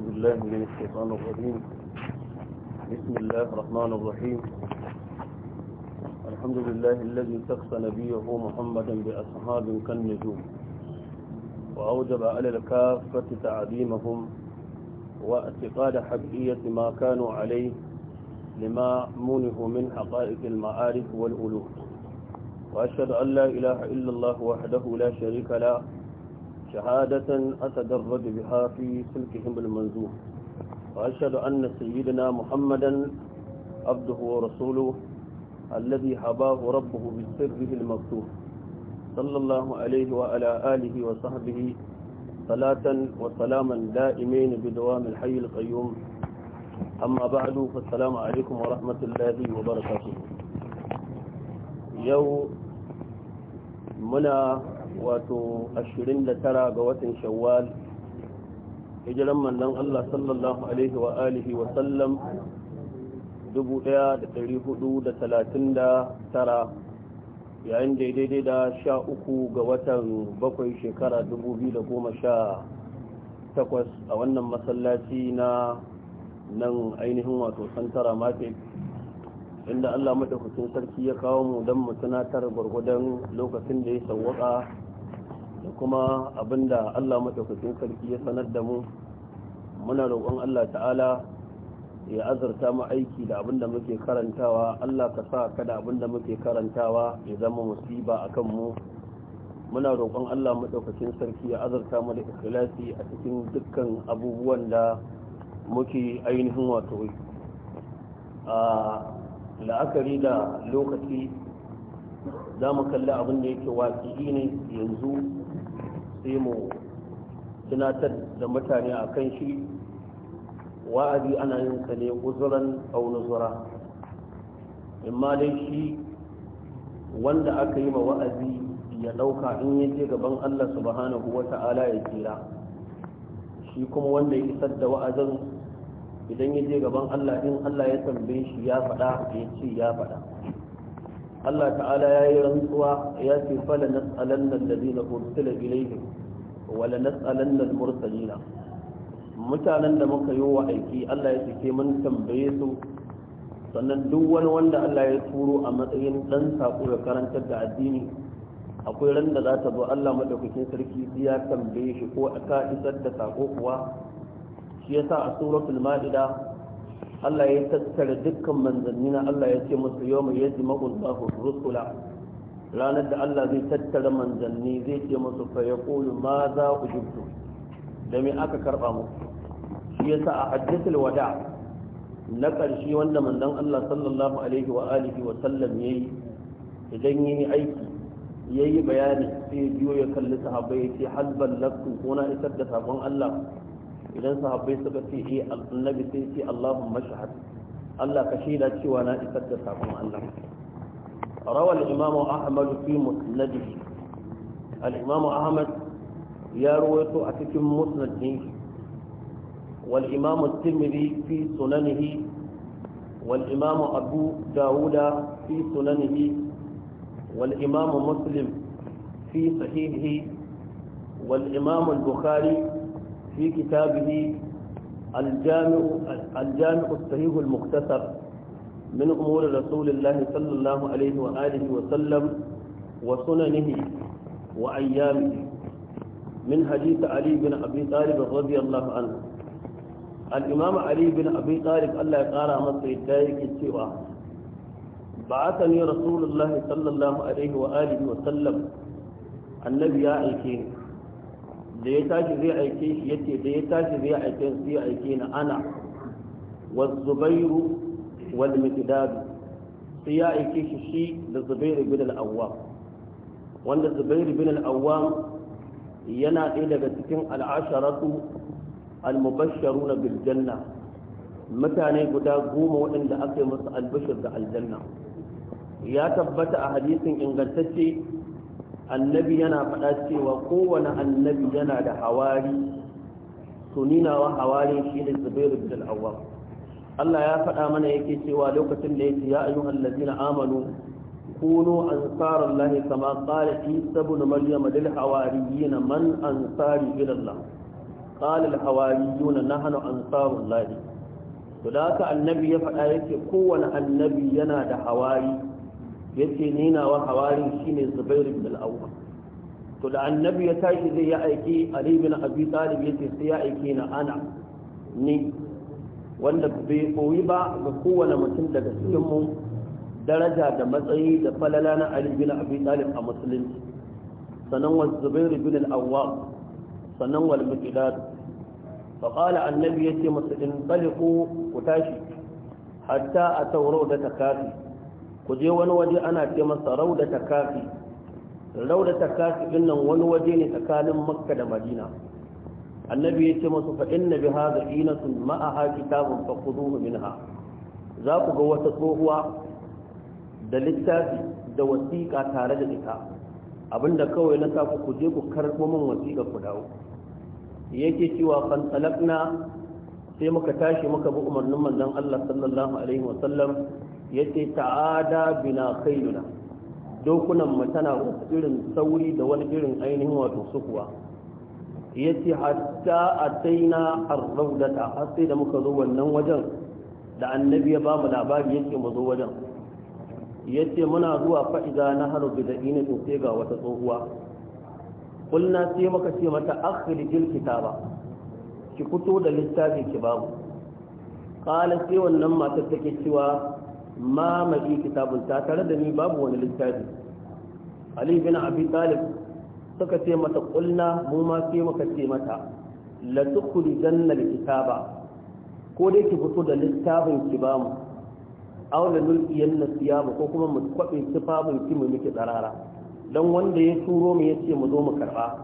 أعوذ بالله من الشيطان الرجيم بسم الله الرحمن الرحيم الحمد لله الذي تقص نبيه محمدا بأصحاب كالنجوم وأوجب على الكافة تعظيمهم واعتقاد حقية ما كانوا عليه لما منه من حقائق المعارف والألوه وأشهد أن لا إله إلا الله وحده لا شريك له شهادة أتدرج بها في سلكهم المنزوح وأشهد أن سيدنا محمدا عبده ورسوله الذي حباه ربه بسره المكتوب صلى الله عليه وعلى آله وصحبه صلاة وسلاما دائمين بدوام الحي القيوم أما بعد فالسلام عليكم ورحمة الله وبركاته يوم منا wato 29 ga watan shawwal hijiran manzon Allah sallallahu alaihi wa alihi wa sallam 1439 yayin da daidai da 13 ga watan bakwai shekara 2018 a wannan masallaci na nan ainihin wato santara mafi inda Allah madaukakin sarki ya kawo mu don mu tunatar gwargwadon lokacin da ya sauwaka da kuma abinda Allah maɗaukacin sarki ya sanar da mu muna roƙon Allah ta'ala ya azurta mu aiki da abinda muke karantawa Allah ka sa kada abinda muke karantawa ya zama musiba akan mu muna roƙon Allah maɗaukacin sarki ya azurta mu da ikhlasi a cikin dukkan abubuwan da muke ainihin wato a la'akari da lokaci za mu kalli abin da yake waƙi ne yanzu sai mu tunatar da mutane a kan shi wa'azi ana yin sa ne uzuran au nuzura imma dai shi wanda aka yi ma wa'azi ya ɗauka in ya je gaban Allah subhanahu wa ta'ala ya tsira shi kuma wanda ya isar da wa'azin idan ya je gaban Allah in Allah ya tambaye shi ya faɗa ya ce ya faɗa Allah ta'ala ya yi rantsuwa ya ce fala da alladhina ursila ilayhim wa la nas'alanna al-mursalina mutanen da muka yi wa aiki Allah ya ce mun tambaye su sannan duk wani wanda Allah ya turo a matsayin dan sako ya karantar da addini akwai ran da za ta zo Allah madaukakin sarki ya tambaye shi ko aka isar da sako kuwa shi yasa a suratul ma'ida Allah ya tattara dukkan manzanni na Allah ya ce musu yau mai yaji ma'ullahu rusula ranar da Allah zai tattara manzanni zai ce musu fa ya koyu ma za ku jibtu da me aka karba mu? shi sa a hajjatul wada na ƙarshe wanda manzan Allah sallallahu alaihi wa alihi wa sallam yayi idan yayi aiki yayi bayani sai biyo ya kalli sahabbai ya ce hal ko na isar da sabon Allah idan sahabbai suka ce eh annabi sai ce Allahu mashhad Allah ka shaida cewa na isar da sakon Allah rawa al fi musnadih al-imam ya ruwaito a cikin musnadih والإمام الترمذي في سننه والإمام أبو داود في سننه والإمام مسلم في صحيحه والإمام البخاري في كتابه الجامع الجامع الصحيح المختصر من أمور رسول الله صلى الله عليه وآله وسلم وسننه وأيامه من حديث علي بن أبي طالب رضي الله عنه الإمام علي بن أبي طالب الله قال مصر سيدائك السواء بعثني رسول الله صلى الله عليه وآله وسلم النبي يا da ya tashi zai aike shi yace da ya tashi zai aike shi zai aike ni ana wa zubairu wal miqdad sai ya aike shi shi da zubairu bin al-awwam wanda zubairu bin al-awwam yana ɗaya daga cikin al'asharatu al-mubashsharuna bil janna mutane guda goma waɗanda aka yi musu albishir da aljanna ya tabbata a hadisin ingantacce annabi yana faɗa cewa kowane annabi yana da hawari to ninawa hawari shi ne zubairu bin al'awwam Allah ya faɗa mana yake cewa lokacin da yake ya ayyuhal ladina amanu kunu lahi kama qala isa ibn maryam yi na man ansari ila Allah qala al hawariyuna nahnu lahi. to da haka annabi ya faɗa yake kowane annabi yana da hawari Ya ce na wa hawarin ne Zubair ibn al to da annabi ya tashi zai ya aiki Ali ibn Abi Talib ce sai ya aiki na ana ni wanda bai koyi ba ga kowane mutum daga cikin mu daraja da matsayi da falala na Ali ibn Abi Talib a musulunci sanan wa Zubair ibn al-Awwam sanan wal Miqdad فقال النبي يتي مسئن طلقوا وتاشي حتى أتوا رودة كافي ku je wani waje ana ce masa rauda ta kafi rauda ta kafi din nan wani waje ne tsakanin makka da madina annabi ya ce masu fa inna bi hadha inatun ma'aha kitabun faquduhu minha za ku ga wata tsohuwa da littafi da wasiƙa tare da ita abinda kawai na sa ku je ku karɓo min wasiƙa ku dawo yake cewa fantalakna sai muka tashi muka bi umarnin manzon Allah sallallahu alaihi wa yace ta'ada bina khayruna dokunan mu tana wasu irin sauri da wani irin ainihin wato sukuwa yace hatta ataina ar-rawdata har da muka zo wannan wajen da annabi ya ba mu labari yace mu zo wajen yace muna zuwa fa'ida na harbi da ina to sai ga wata tsohuwa kulna sai muka ce mata akhrijil kitaba ki fito da littafi ki babu qala sai wannan matar take cewa ma mafi kitabun ta tare da ni babu wani littafi ali bin abi talib suka ce mata kulna mu ma ce muka ce mata la tukhrijanna kitaba ko dai ki fito da littafin ki ba mu aw la nulqiyanna ko kuma mu kwabe tufafin ki mu miki tsarara dan wanda ya turo mu yace mu zo mu karba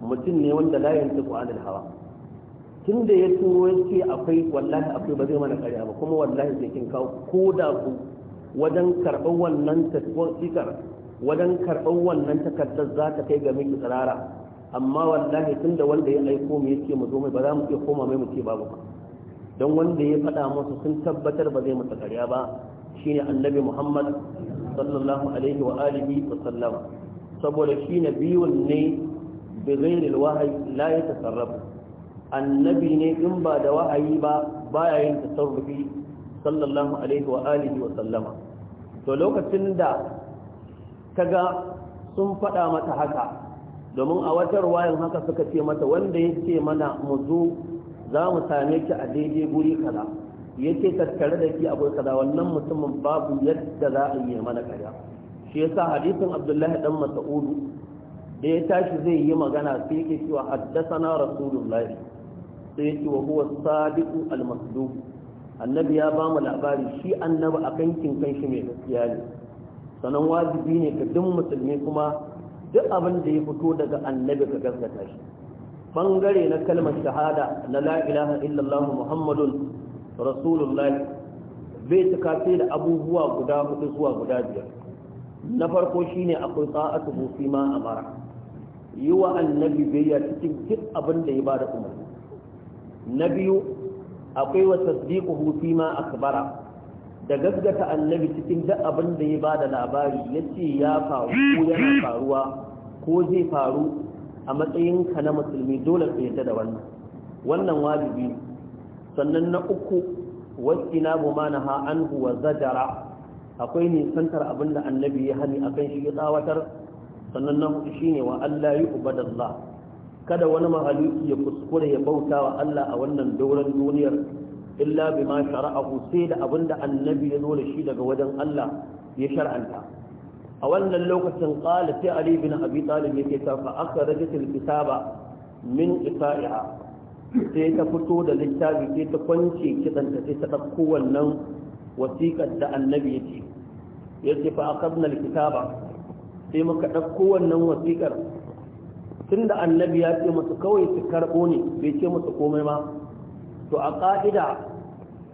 mutum ne wanda la yantiqu anil hawa tun da ya turo ya ce akwai wallahi akwai ba zai mana karya ba kuma wallahi zai kin kawo ko da ku wajen karɓar wannan tasirar wajen karɓar wannan takardar za ta kai ga miki tsirara amma wallahi tun da wanda ya aiko mu yake mu zo mai ba za mu iya koma mai mu ce babu ba don wanda ya faɗa musu sun tabbatar ba zai masa karya ba shine annabi muhammad sallallahu alaihi wa alihi wa sallam saboda shine biyun ne bi ghairi alwahyi la yatasarrafu annabi ne in ba da wahayi ba baya yin tasarrufi sallallahu alaihi wa alihi wa sallama to lokacin da kaga sun faɗa mata haka domin a watar wayan haka suka ce mata wanda ya ce mana mu zo za mu same ki a daidai guri kaza ya ce tattare da ki guri kaza wannan mutumin babu yadda za a yi mana kaza shi yasa hadisin abdullahi dan mas'udu da ya tashi zai yi magana sai yake cewa na rasulullahi sai yake wa huwa al-masduq annabi ya ba mu labari shi annabi a kankin kanshi mai gaskiya ne sanan wajibi ne ga duk musulmi kuma duk abin da ya fito daga annabi ka gaskata shi bangare na kalmar shahada na la ilaha illallah muhammadun rasulullah bai cika sai da abubuwa guda hudu zuwa guda biyar na farko shine akwai sa'atu fi ma amara yi wa annabi biyya cikin duk abin da ya bada umarni na biyu akwai wa tasdiquhu fi ma akbara da gaskata annabi cikin duk abin da ya bada labari yace ya faru ko yana faruwa ko zai faru a matsayin ka na musulmi dole ka yarda da wannan wannan wajibi sannan na uku wasina bu manaha anhu wa zajara akwai nisantar abin da annabi ya hani akan shi ya tsawatar sannan na hudu shine wa Allah yi ubadallah kada wani mahaluki ya kuskure ya bauta wa Allah a wannan doron duniyar illa ma shara'ahu sai da da annabi ya zo da shi daga wajen Allah ya shar'anta a wannan lokacin qala sai ali bin abi talib yake ta fa akhrajat al-kitaba min isa'iha sai ta fito da littafi sai ta kwance kidan ta sai ta dauko wannan wasiƙar da annabi ya ce yace fa akhadna al-kitaba sai muka dauko wannan wasiƙar da annabi ya ce musu kawai su karɓo ne bai ce musu komai ma to a ƙa'ida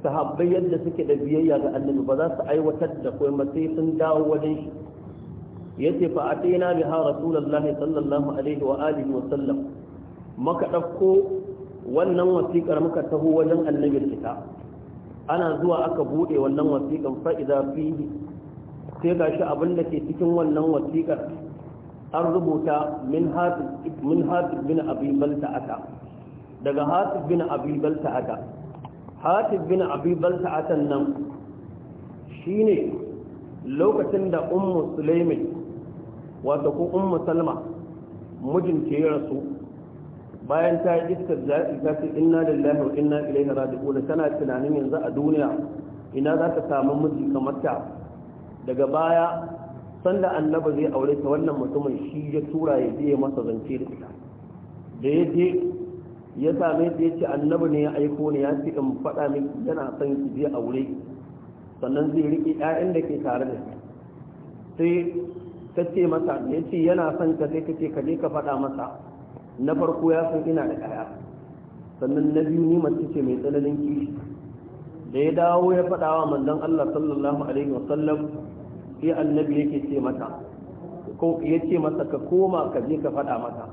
sahabbai yadda suke da biyayya ga annabi ba za su aiwatar da komai sai sun dawo wajen shi ce fa ataina biha rasulullahi sallallahu alaihi wa alihi wa sallam maka dauko wannan wasiƙar muka taho wajen annabi da ana zuwa aka bude wannan wasiƙar fa fihi sai gashi abin da ke cikin wannan wasiƙar an rubuta min hatib bin abi balta'ata daga hatib bin abi bin nan shine lokacin da ummu sulaimin wato ko ummu salma mijinta ya rasu bayan ta yi iskar za'i ta ce inna lillahi wa inna ilaihi raji'un tana tunanin yanzu a duniya ina za ta samu miji kamar ta daga baya sanda annaba zai aure ta wannan mutumin shi ya tura ya je masa zance da ita da ya je ya same ta ya ce annabi ne ya aiko ne ya ce in faɗa miki yana son ki je aure sannan zai riƙe ƴaƴan da ke tare da shi sai ta ce masa ya ce yana son ka sai ka ce ka je ka faɗa masa na farko ya san ina da ƴaƴa sannan na biyu ni mace ce mai tsananin kishi da ya dawo ya faɗa wa manzon Allah sallallahu alaihi wa sallam. sai annabi yake ce mata ko ya ce masa ka koma ka je ka faɗa mata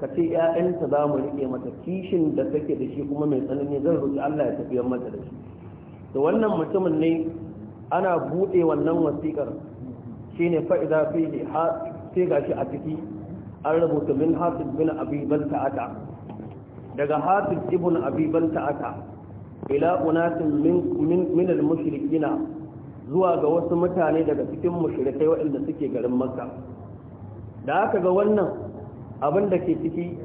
ka ce ‘ya'yanta za mu riƙe mata kishin da take da shi kuma mai tsanani zan roƙi Allah ya tafiyar mata da shi da wannan mutumin ne ana buɗe wannan wasiƙar shi ne fa'iza fi ne sai ga shi a ciki an rubuta min hafiz bin abiban ta'ata daga hafiz ibn abiban ta'ata ila unatin min al-mushrikina zuwa ga wasu mutane daga cikin mushrikai waɗanda suke garin makka da aka ga wannan abin da ke ciki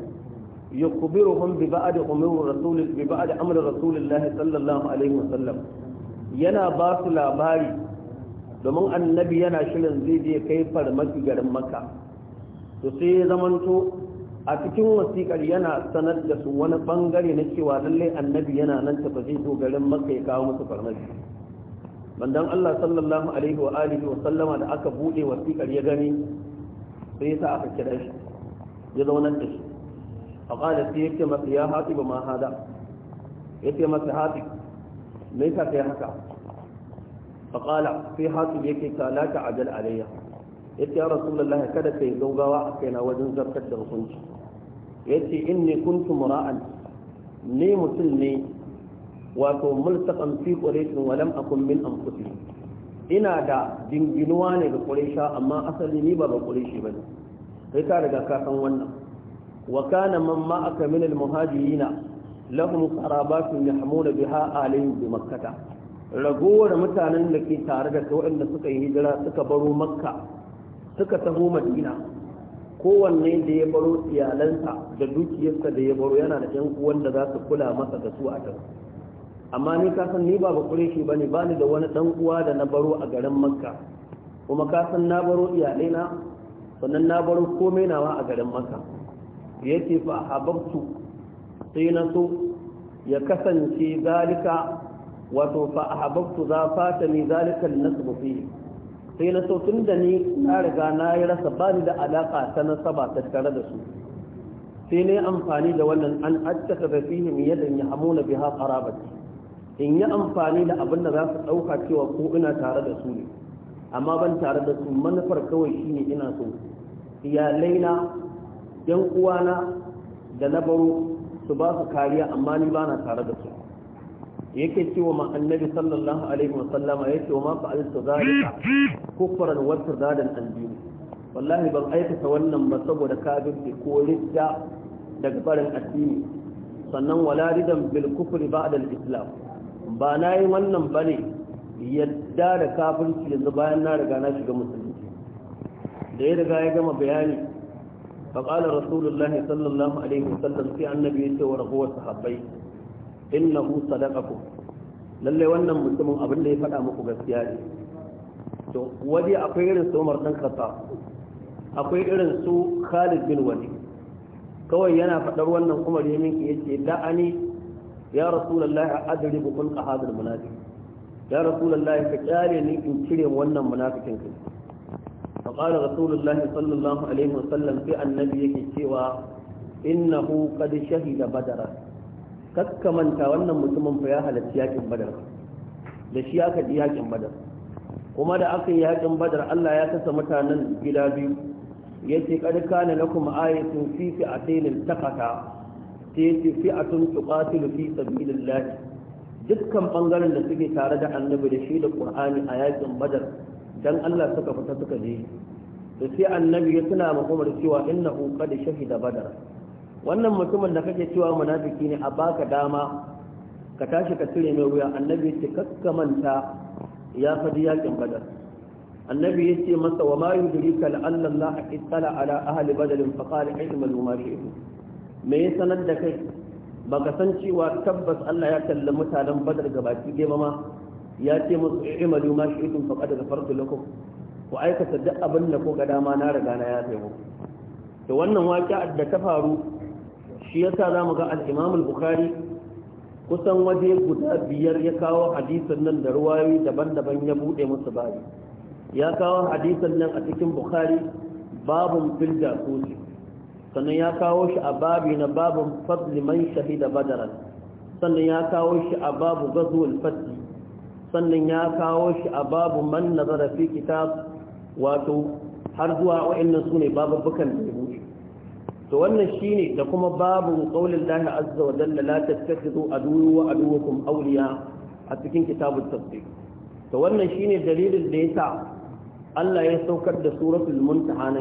yukhbiruhum bi ba'd umur rasul bi ba'd amr rasulullahi sallallahu alaihi wasallam yana ba su labari domin annabi yana shirin zai je kai farmaki garin makka to sai zamanto a cikin wasiƙar yana sanar da su wani bangare na cewa lallai annabi yana nan tafi zai garin makka ya kawo musu farmaki mandan Allah sallallahu alaihi wa alihi wa sallama da aka bude wasiƙar ya gani sai ya sa aka kira shi ya zauna da shi a ƙala sai ce masa ya hati ba ma hada ce masa hati me yasa kai haka fa ƙala sai hati ke kala ka ajal alayya yace ya rasulullahi kada kai gaugawa a kaina wajen zartar da hukunci Ya ce in ne kuntu mura'an ni mutum ne wato mulsaqan fi quraish wa lam akun min anfusihim ina da dinginuwa ne ga quraisha amma asali ni ba ba quraishi bane kai ka riga ka san wannan wa kana man aka min al-muhajirina lahum qarabatun yahmuna biha alayhi bi makkah ragowar mutanen da ke tare da su waɗanda suka yi hijira suka baro makka suka taho madina kowanne da ya baro iyalansa da dukiyarsa da ya baro yana da yan uwan da za su kula masa da su a can amma ni ka san ni ba ba kureshi bane ba ni da wani dan uwa da na baro a garin makka kuma ka san na baro iyalai na sannan na baro komai nawa a garin makka yace fa hababtu sai na so ya kasance zalika wato fa hababtu za ni zalika nasbu fi sai na so tun da ni na riga na yi rasa ba ni da alaka ta nasaba ta tare da su sai ne amfani da wannan an attaka fihim yadan yahmuna biha qarabati in yi amfani da abin da za su ɗauka cewa ko ina tare da su ne amma ban tare da su manufar kawai shine ina so iyalaina yan uwana da na baro su ba su kariya amma ni ba na tare da su yake cewa ma annabi sallallahu alaihi wa sallama yake wa ma fa'altu zalika kufran wa tadadan an dini wallahi ban aikata wannan ba saboda kafirci ko ridda daga barin addini sannan wala ridan bil kufri ba'da al islam ba na yi wannan ba ne yadda da kafirci yanzu bayan na riga na shiga musulunci da ya riga ya gama bayani sallallahu alaihi wasallam رسول الله صلى الله wa rahuwar في النبي ورغوة صحابي إنه ku. lalle wannan mutumin abin da ya faɗa muku gaskiya ne to waje akwai irin su Umar ɗan kasa akwai irin su Khalid bin Wani. kawai yana faɗar wannan Umar ya minki yace da'ani ya rasulullahi adribu kulqa hadal munafiq ya rasulullahi ka kyale ni in cire wannan munafikin kai fa qala rasulullahi sallallahu alaihi wa sallam, sai annabi yake cewa innahu qad shahida badara kakkamanta wannan mutumin fa ya halarci yakin badar da shi aka ji yakin badar kuma da aka yi yakin badar Allah ya kasa mutanen gida biyu yace kad kana lakum ayatun fi fi'atayn taqata sai yace fi'atun tuqatilu fi sabilillah dukkan bangaren da suke tare da annabi da shi da qur'ani a yakin badar dan Allah suka fita suka je to sai annabi ya tuna ma Umar cewa innahu qad da badar wannan mutumin da kake cewa munafiki ne a baka dama ka tashi ka cire mai wuya annabi ya ce kakkamanta ya faɗi yakin badar annabi ya ce masa wa ma yudrika la'alla Allah a ala ahli badalin fa qala ilmu ma shi'tu me ya sanar da kai baka san cewa tabbas Allah ya kalli mutanen badar gabaki ɗaya ma ya ce musu i'malu ma shi'tum faqad ghafartu lakum ku aikata duk abin da ko ga dama na riga na ya taimu to wannan waƙi'ar da ta faru shi yasa zamu ga al-Imam al-Bukhari kusan waje guda biyar ya kawo hadisin nan da ruwayoyi daban-daban ya buɗe musu bayi ya kawo hadisin nan a cikin Bukhari babun fil jasusi sannan ya kawo shi a babi na babin fadli man shahida badaran sannan ya kawo shi a babu gazwul fadli sannan ya kawo shi a babu man nazara fi kitab wato har zuwa wa'annan ne babubukan da ya buɗe to wannan shi ne da kuma babu qaulin lahi azza wa jalla la tattakhidhu aduwwa a aduwwakum awliya a cikin kitabun tafsir to wannan shi ne dalilin da ya sa Allah ya saukar da suratul muntaha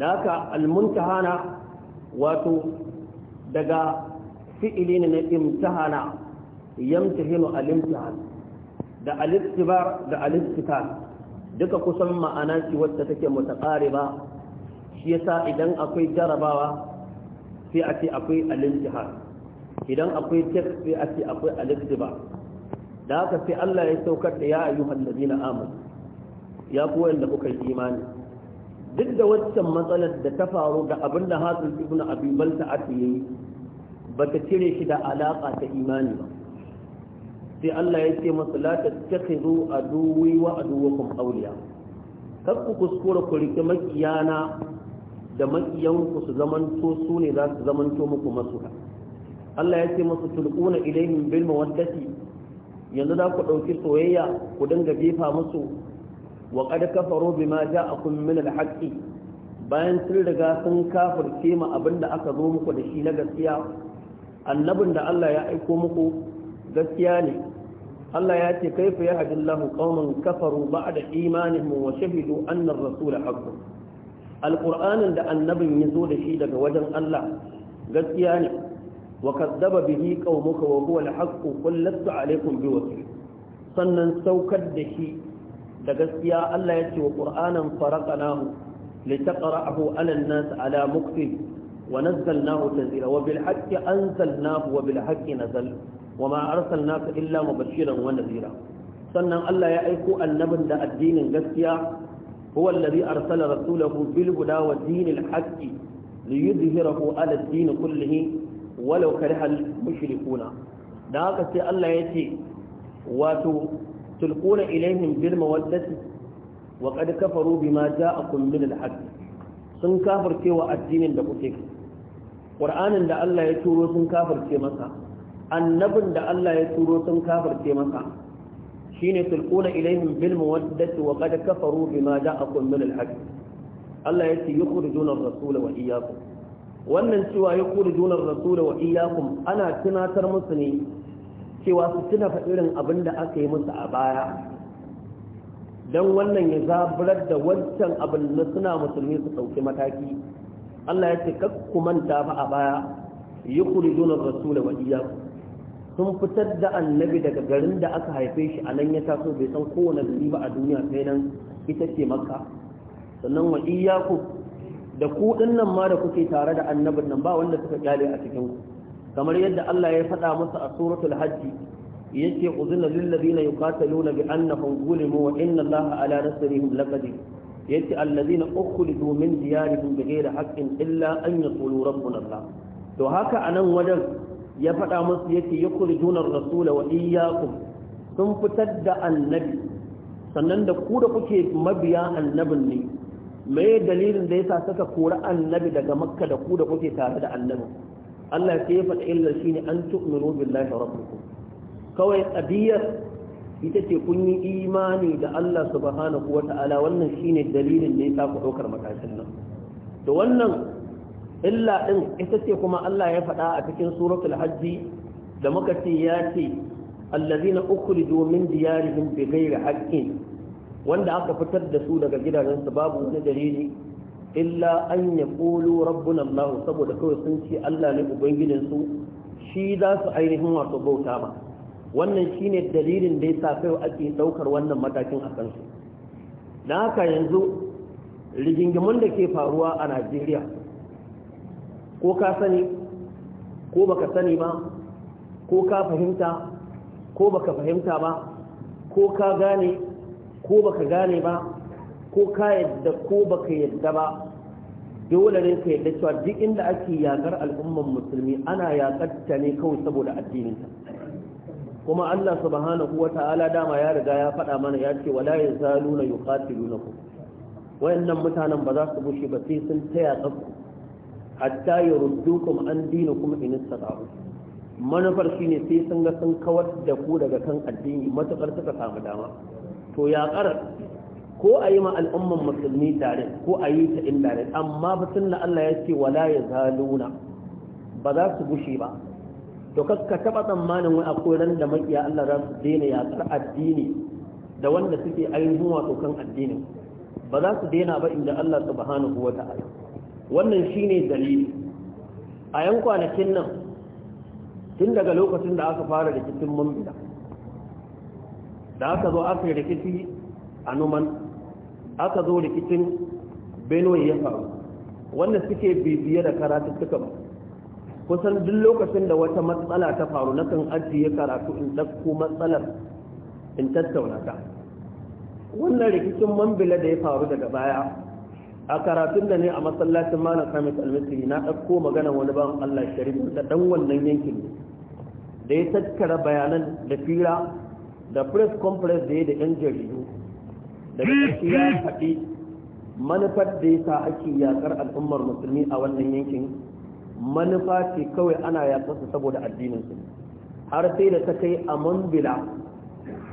da haka almuntahana wato daga fi'ili ne na imtahana yamtahinu alimtahan da alistibar da alistikan duka kusan ma'ana ce wacce take mutakariba shi yasa idan akwai jarabawa sai a ce akwai alimtahan idan akwai tek sai a ce akwai alistibar da haka sai Allah ya saukar da ya nabi na amur ya kuwa yadda kuka yi imani duk da waccan matsalar da ta faru da abin da hasil ibn abu balta yi ba ta cire shi da alaƙa ta imani ba sai Allah ya ce masa zo a aduwwi wa aduwwakum awliya kan ku kuskura ku rike makiyana da makiyanku su zamanto su ne za su zamanto muku masuka Allah ya ce masa tulkuna ilaihim bil mawaddati yanzu za ku ɗauki soyayya ku dinga jefa musu wa qad kafaru bima ja'akum min al-haqqi bayan sun riga sun kafirce ma abinda aka zo muku da shi na gaskiya annabin da Allah ya aiko muku gaskiya ne Allah ya ce kaifa yahdillahu qauman kafaru ba'da imanihim wa shahidu anna ar-rasul haqqun alqur'anin da annabin ya zo da shi daga wajen Allah gaskiya ne wa bihi وكذب به قومك وهو الحق قل لست عليكم بوكيل sannan saukar da shi da gaskiya Allah ya ce wa qur'anan faraqnahu litaqra'ahu 'ala an-nas 'ala muktib wa nazzalnahu tanzila wa bil haqqi anzalnahu wa bil haqqi nazal wa ma arsalnaka illa mubashiran wa nadhira sannan Allah ya aiko annabin da addinin gaskiya huwa alladhi arsala rasulahu bil huda wa dinil haqqi liyudhhirahu 'ala ad-din kullihi walau kariha al-mushrikuuna da haka sai Allah ya ce wato tulquna ilaihim bil mawaddati wa qad kafaru bima ja'akum min al-haqq sun kafirce wa addinin da kuke Qur'anin da Allah ya turo sun kafirce masa annabin da Allah ya turo sun kafirce masa shine tulquna ilaihim bil mawaddati wa qad kafaru bima ja'akum min al-haqq Allah ya yace yukhrijuna ar-rasula wa iyyakum wannan cewa ya kuri junar rasula wa iyakum ana tunatar musu ne cewa su tuna faɗirin abin da aka yi musu a baya don wannan ya zaburar da wancan abin na suna musulmi su ɗauki mataki Allah ya ce kakku manta ba a baya yi kuri zuwa rasu da sun fitar da annabi daga garin da aka haife shi a nan ya taso bai san kowane gari ba a duniya sai nan ita ce maka. sannan wa iyaku da ku nan ma da kuke tare da annabin nan ba wanda suka kyale a cikin ku kamar yadda Allah ya faɗa masa a suratul hajji yake uzina lil ladina yuqataluna bi annahum zulimu wa inna Allaha ala nasrihim laqadir yace alladina ukhriju min diyarihim bighayri haqqin illa an yaqulu rabbuna Allah to haka anan wajen ya faɗa musu yace yukhrijuna ar-rasula wa iyyakum sun fitar da annabi sannan da ku da kuke mabiya annabin ne me dalilin da yasa suka kori annabi daga makka da ku da kuke tare da annabin Allah sai ya faɗa illar ne an tu'minu billahi rabbukum kawai qadiyar ita ce kun yi imani da Allah subhanahu Ta'ala wannan ne dalilin da ya sa ku ɗaukar matakin nan to wannan illa din ita ce kuma Allah ya faɗa a cikin suratul hajji da muka ce ya ce allazina domin min diyarihim bighayri haqqin wanda aka fitar da su daga gidajensu babu wani dalili illa an ya ƙulu rabbun Allah saboda kawai sun ce Allah ne Ubangijinsu shi za su ainihin wato bauta ba wannan shine dalilin da ya sa kai ake ɗaukar wannan matakin a kansu na haka yanzu rigingimun da ke faruwa a Najeriya ko ka sani ko baka sani ba ko ka fahimta ko baka fahimta ba ko ka gane ko baka gane ba ko ka yadda ko baka yadda ba dole ne ka yadda cewa duk inda ake yakar al'umman musulmi ana yakar ta ne kawai saboda addininta kuma Allah subhanahu ta'ala dama ya riga ya faɗa mana ya ce wala yazaluna yuqatilunakum wayannan mutanen ba za su bushe ba sai sun taya tsakku hatta yurdukum an dinukum in istata'u manufar shine sai sun ga sun kawar da ku daga kan addini matakar suka samu dama to yaƙar ko a yi ma al'umman musulmi tare ko a yi ta indare amma batun na Allah ya ce wala ya zaluna ba za su gushe ba to kaska taba tsammanin wai akwai ran da makiya Allah za su daina yatsar addini da wanda suke ainihin wato kan addinin ba za su daina ba inda Allah subhanahu wa ta'ala wannan shine dalili a yan kwanakin nan tun daga lokacin da aka fara rikicin mambila da aka zo aka rikici a numan aka zo rikicin benue ya faru wanda suke bibiye da karatu suka ba kusan duk lokacin da wata matsala ta faru na kan ajiye karatu in ɗauko matsalar in tattauna ta wannan rikicin mambila da ya faru daga baya a karatun da ne a masallacin malam kamis almisiri na ɗauko magana wani ban allah sharif da ɗan wannan yankin ne da ya tattara bayanan da fira da press conference da ya da yan jaridu daga ƙarshe ya haɗe manufar da yasa ake yaƙar al'ummar musulmi a wannan yankin manufa ce kawai ana yaƙar su saboda addinin su har sai da ta kai a mambila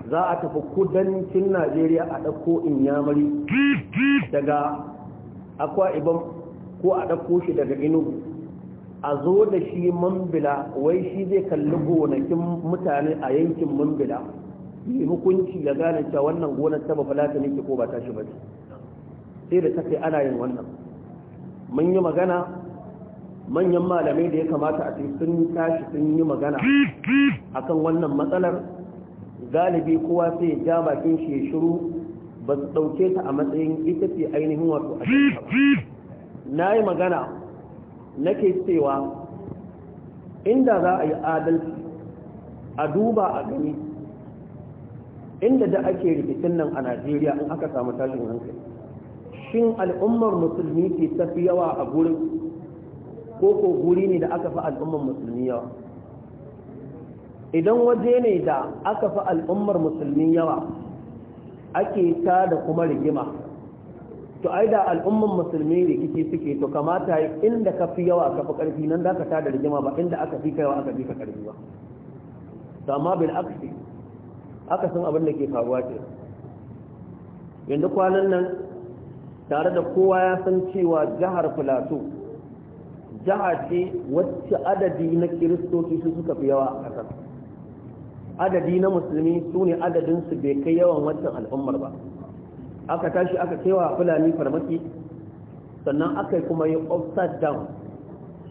za a tafi kudancin najeriya a ɗauko inyamari daga akwa ibam ko a ɗauko shi daga inugu a zo da shi mambila wai shi zai kalli gonakin mutane a yankin mambila yi hukunci ya gane cewa wannan gonar ta ta ne ko ba ta shi bace sai da take ana yin wannan mun yi magana manyan malamai da ya kamata a sun tashi sun yi magana akan wannan matsalar galibi kowa sai ya ja bakin shi ya shiru ba su ɗauke ta a matsayin ita ce ainihin wato a na yi magana nake cewa inda za a yi adalci a duba a gani inda da ake rikicin nan a najeriya in aka samu tashin hankali shin al'ummar musulmi ke tafi yawa a gurin ko ko guri ne da aka fi al'ummar musulmi yawa idan waje ne da aka fi al'ummar musulmi yawa ake ta da kuma rigima to ai da al'ummar musulmi rikici suke to kamata inda ka fi yawa ka fi ƙarfi nan za ka ta da rigima ba inda aka fi kaiwa aka fi ka ƙarfi ba to amma bil aksi aka san abin da ke faruwa ce yanzu kwanan nan tare da kowa ya san cewa jihar filato jiha ce wacce adadi na kiristoci su suka fi yawa a ƙasar adadi na musulmi su ne adadinsu bai kai yawan wancan al'ummar ba aka tashi aka cewa fulani farmaki sannan aka kuma yi upside down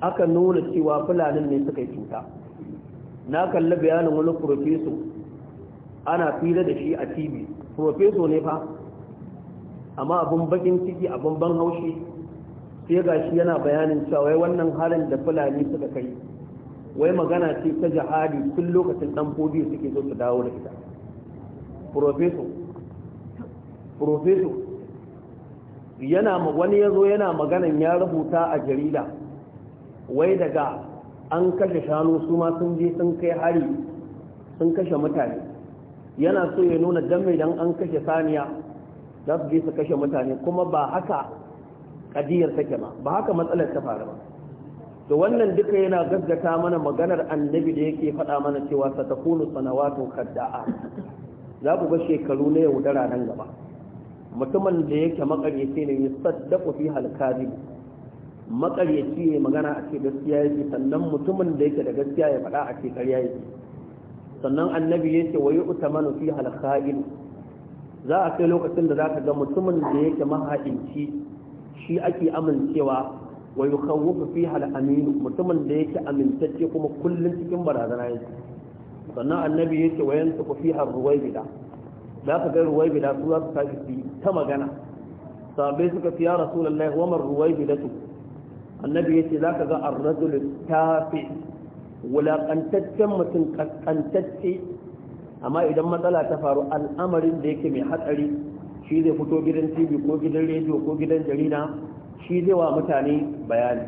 aka nuna cewa fulanin ne suka yi cuta na kalli bayanin wani profeso ana fira da shi a tv profeso ne fa amma abin bakin ciki abin ban haushi sai ga shi yana bayanin cewa wai wannan halin da fulani suka kai wai magana ce ta jihadi tun lokacin dan fobi suke zo su dawo da ita profeso profeso yana wani yazo yana maganan ya rubuta a jarida wai daga an kashe shanu su ma sun je sun kai hari sun kashe mutane yana so ya nuna dan mai dan an kashe saniya za su je su kashe mutane kuma ba haka kadiyar take ba ba haka matsalar ta faru ba to wannan duka yana gaggata mana maganar annabi da yake faɗa mana cewa takunu sanawatu kadda'a za ku ga shekaru na yaudara nan gaba mutumin da yake makaryaci ne ya saddaku fi halkazi makaryaci ne magana a ce gaskiya yake sannan mutumin da yake da gaskiya ya faɗa a ce ƙarya yake sannan annabi ya ce wa yi utamanu fi halkha'il za a kai lokacin da za ka ga mutumin da yake maha'inci shi ake amincewa wa yi kawufu fi hal'aminu mutumin da yake amintacce kuma kullum cikin barazana yake sannan annabi ya ce wa yanzu ku fi har ruwai bida za ka ga ruwai su za su tafi fi ta magana sabai suka fi ya rasulallah wamar ruwai bida su annabi ya ce za ka ga arrajul tafi wulaƙantaccen mutum ƙasƙantacce amma idan matsala ta faru al'amarin da yake mai hatsari shi zai fito gidan tv ko gidan rediyo ko gidan jarida shi zai wa mutane bayani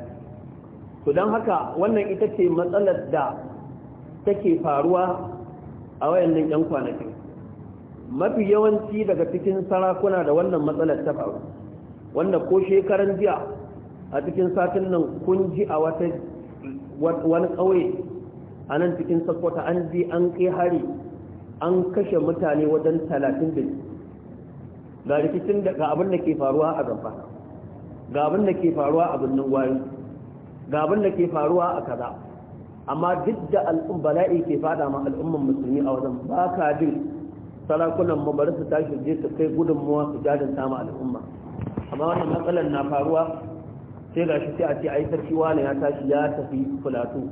to don haka wannan ita ce matsalar da take faruwa a wayannan 'yan kwanakin mafi yawanci daga cikin sarakuna da wannan matsalar ta faru wanda ko shekaran jiya a cikin satin nan kun ji a wani ƙauye a nan cikin sakwata an je an kai hari an kashe mutane wajen talatin da ga rikicin da ga abin da ke faruwa a gaba ga abin da ke faruwa a birnin gwayo ga abin da ke faruwa a kaza amma duk da al'umma bala'i ke fada ma al'umman musulmi a wajen ba ka jin sarakunan mu bari su tashi je su kai gudunmuwa su jajin ma al'umma amma wannan matsalar na faruwa sai ga shi sai a ce ai sarki wani ya tashi ya tafi fulatu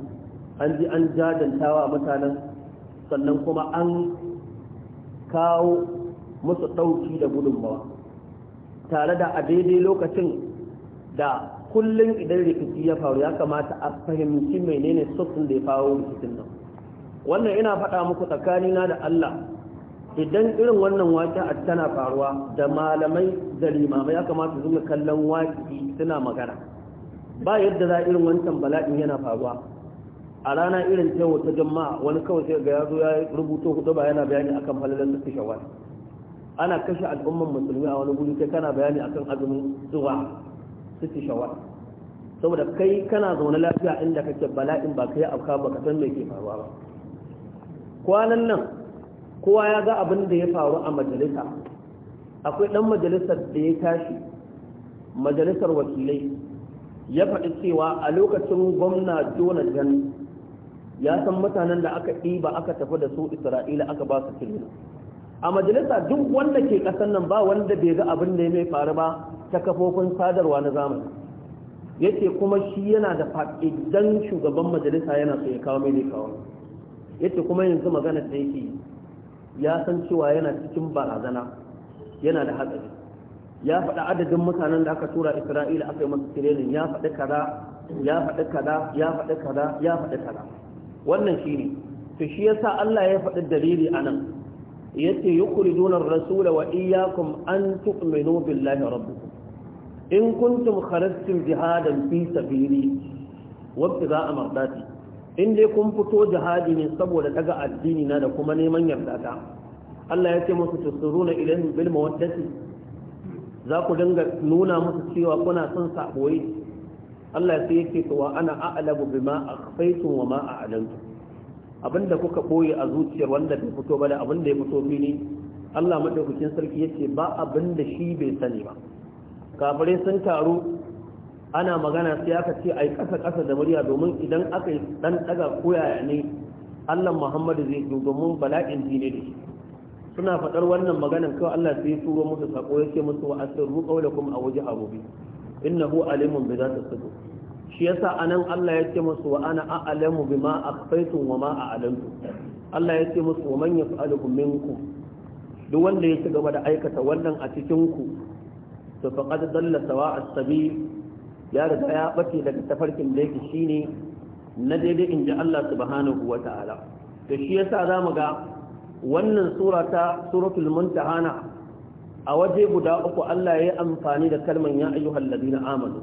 an ji an jajantawa mutanen sannan kuma an kawo musu ɗauki da gudunmawa tare da a daidai lokacin da kullum idan rikici ya faru ya kamata a fahimci menene sufin da ya faru rikicin nan wannan ina faɗa muku tsakanina da Allah idan irin wannan waƙi tana faruwa da malamai da limamai ya kamata su kallon waki suna magana ba yadda za irin wancan bala'in yana faruwa a rana irin ta wata jama'a wani kawai sai ga yazo ya rubuto hudu ba yana bayani akan falalar da shawar ana kashe al'umman musulmi a wani guri sai kana bayani akan azumin zuwa su shawar saboda kai kana zaune lafiya inda kake bala'in ba kai abka ba ka san me ke faruwa ba kwanan nan kowa ya ga abin da ya faru a majalisa akwai dan majalisar da ya tashi majalisar wakilai ya faɗi cewa a lokacin gwamna jona jan. ya san mutanen da aka ɗiba aka tafi da su isra'ila aka ba su filin a majalisa duk wanda ke ƙasar nan ba wanda bai ga abin da ya mai faru ba ta kafofin sadarwa na zamani yake kuma shi yana da fa'idan shugaban majalisa yana so ya kawo mai ne kawo yake kuma yanzu magana ta yake ya san cewa yana cikin barazana yana da hatsari ya faɗa adadin mutanen da aka tura isra'ila aka yi masu kirenin ya faɗi kaza ya faɗi kaza ya faɗi kaza ya faɗi kaza wannan ne. to shi yasa Allah ya faɗi dalili anan yace yukhrijuna ar-rasula wa iyyakum an tu'minu billahi rabbikum in kuntum kharajtum jihadan fi za a mardati in dai kun fito jihadi ne saboda daga addini na da kuma neman yarda ta Allah ya ce musu tusuruna ilayhim bil mawaddati za ku dinga nuna musu cewa kuna son sa Allah sai yake to ana a'lamu bima akhfaytum wa ma a'lantum abinda kuka boye a zuciyar wanda bai fito ba da abinda ya fito fili Allah madaukakin sarki yace ba abinda shi bai sani ba kafare sun taru ana magana sai aka ce ai kasa kasa da murya domin idan aka yi dan daga koyaya ne Allah Muhammadu zai yi domin bala'in dine da shi suna faɗar wannan maganar kawai Allah sai ya turo musu sako yake musu wa asirru qawlakum a waje abubi innahu alimun bi zati sudur shi yasa anan Allah ya ce musu wa ana a'lamu bima akhfaytum wa ma a'lantum Allah ya ce musu man yaf'alukum minkum duk wanda ya ci gaba da aikata wannan a cikin ku to faqad dalla sawa'a sabil ya riga ya bace daga tafarkin da yake shine na daidai inji Allah subhanahu wa ta'ala to shi yasa zamu ga wannan surata ta suratul muntahana a waje guda uku Allah ya yi amfani da kalman ya hallabi na amanu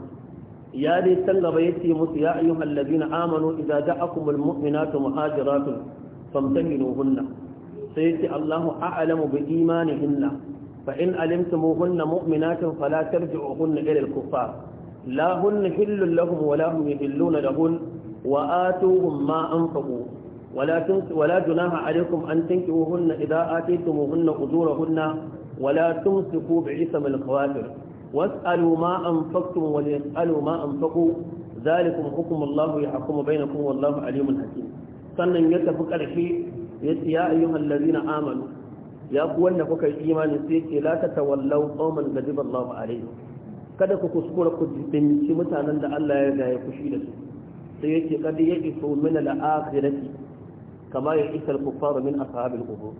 ya dai san gaba ya ce musu ya ayyuhal ladina amanu idza ja'akumul mu'minatu muhajiratun famtahinuhunna sai yace Allahu a'lamu bi imanihinna fa in alimtumuhunna mu'minatin fala tarji'uhunna ila al-kuffar la hunna hillun lahum wa la hum yahilluna lahun wa atuhum ma anfaqu ولا ولا جناح عليكم أن تنكحوهن إذا آتيتموهن أجورهن wala tumsiku bi ismil qawatir was'alu ma anfaqtum wa yas'alu ma anfaqu zalikum hukmullahu yahkumu bainakum wallahu alimun hakim sannan ya tafi ƙarshe yace ya ayyuhal ladina amanu ya ku wanda kuka yi imani sai ce la tatawallaw qauman ghadiba kada ku kuskura ku dinci mutanen da Allah ya ga ya kushi da su sai yake kada ya iso min al-akhirati kama ya isar al-kuffar min ashabil qubur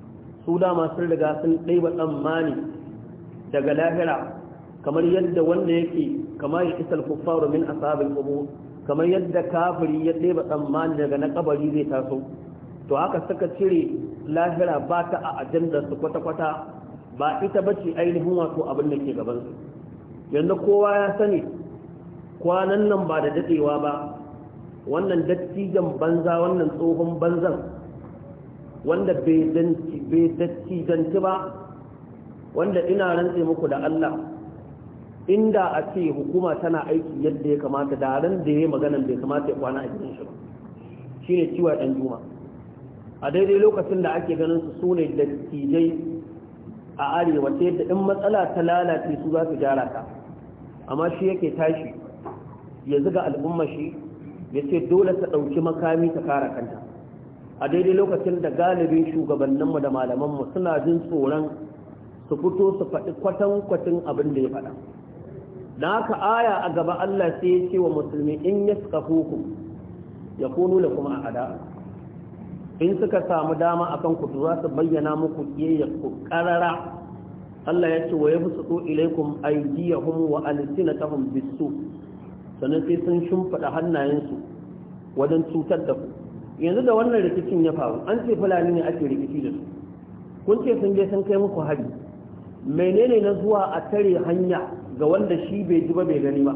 su dama sun riga sun ɗaiba tsammani daga lahira kamar yadda wanda yake kama ya isal kuffaru min qubur kamar yadda kafiri ya ɗaiba tsammani daga na kabari zai taso to haka suka cire lahira ba ta a ajandar su kwata-kwata ba ita bace ainihin wato abin da ke gaban su yanzu kowa ya sani kwanan nan ba da dadewa ba wannan dattijan banza wannan tsohon banzan wanda bai dattijanci ba wanda ina rantse muku da Allah inda a ce hukuma tana aiki yadda ya kamata da ran da ya maganan bai kamata ya kwana a gidan shi ba shine ciwa dan juma a daidai lokacin da ake ganin su sune dattijai a arewa ta yadda in matsala ta lalace su za su gyara ta amma shi yake tashi ya zuga al'umma shi ya ce dole ta ɗauki makami ta kara kanta a daidai lokacin da galibin shugabanninmu da malamanmu suna jin tsoron su fito su faɗi kwatankwacin abin da ya faɗa da haka aya a gaba Allah sai ya ce wa musulmi in ya suka hukum ya kunu da kuma a in suka samu dama a kanku za su bayyana muku ya ku ƙarara Allah ya ce wa ya fusuto ilaikum aydiyahum wa alsinatahum bisu sannan sai sun shimfiɗa hannayensu wajen cutar da ku yanzu da wannan rikicin ya faru an ce fulani ne ake rikici da su kun ce sun je sun kai muku hari menene na zuwa a tare hanya ga wanda shi bai ji ba bai gani ba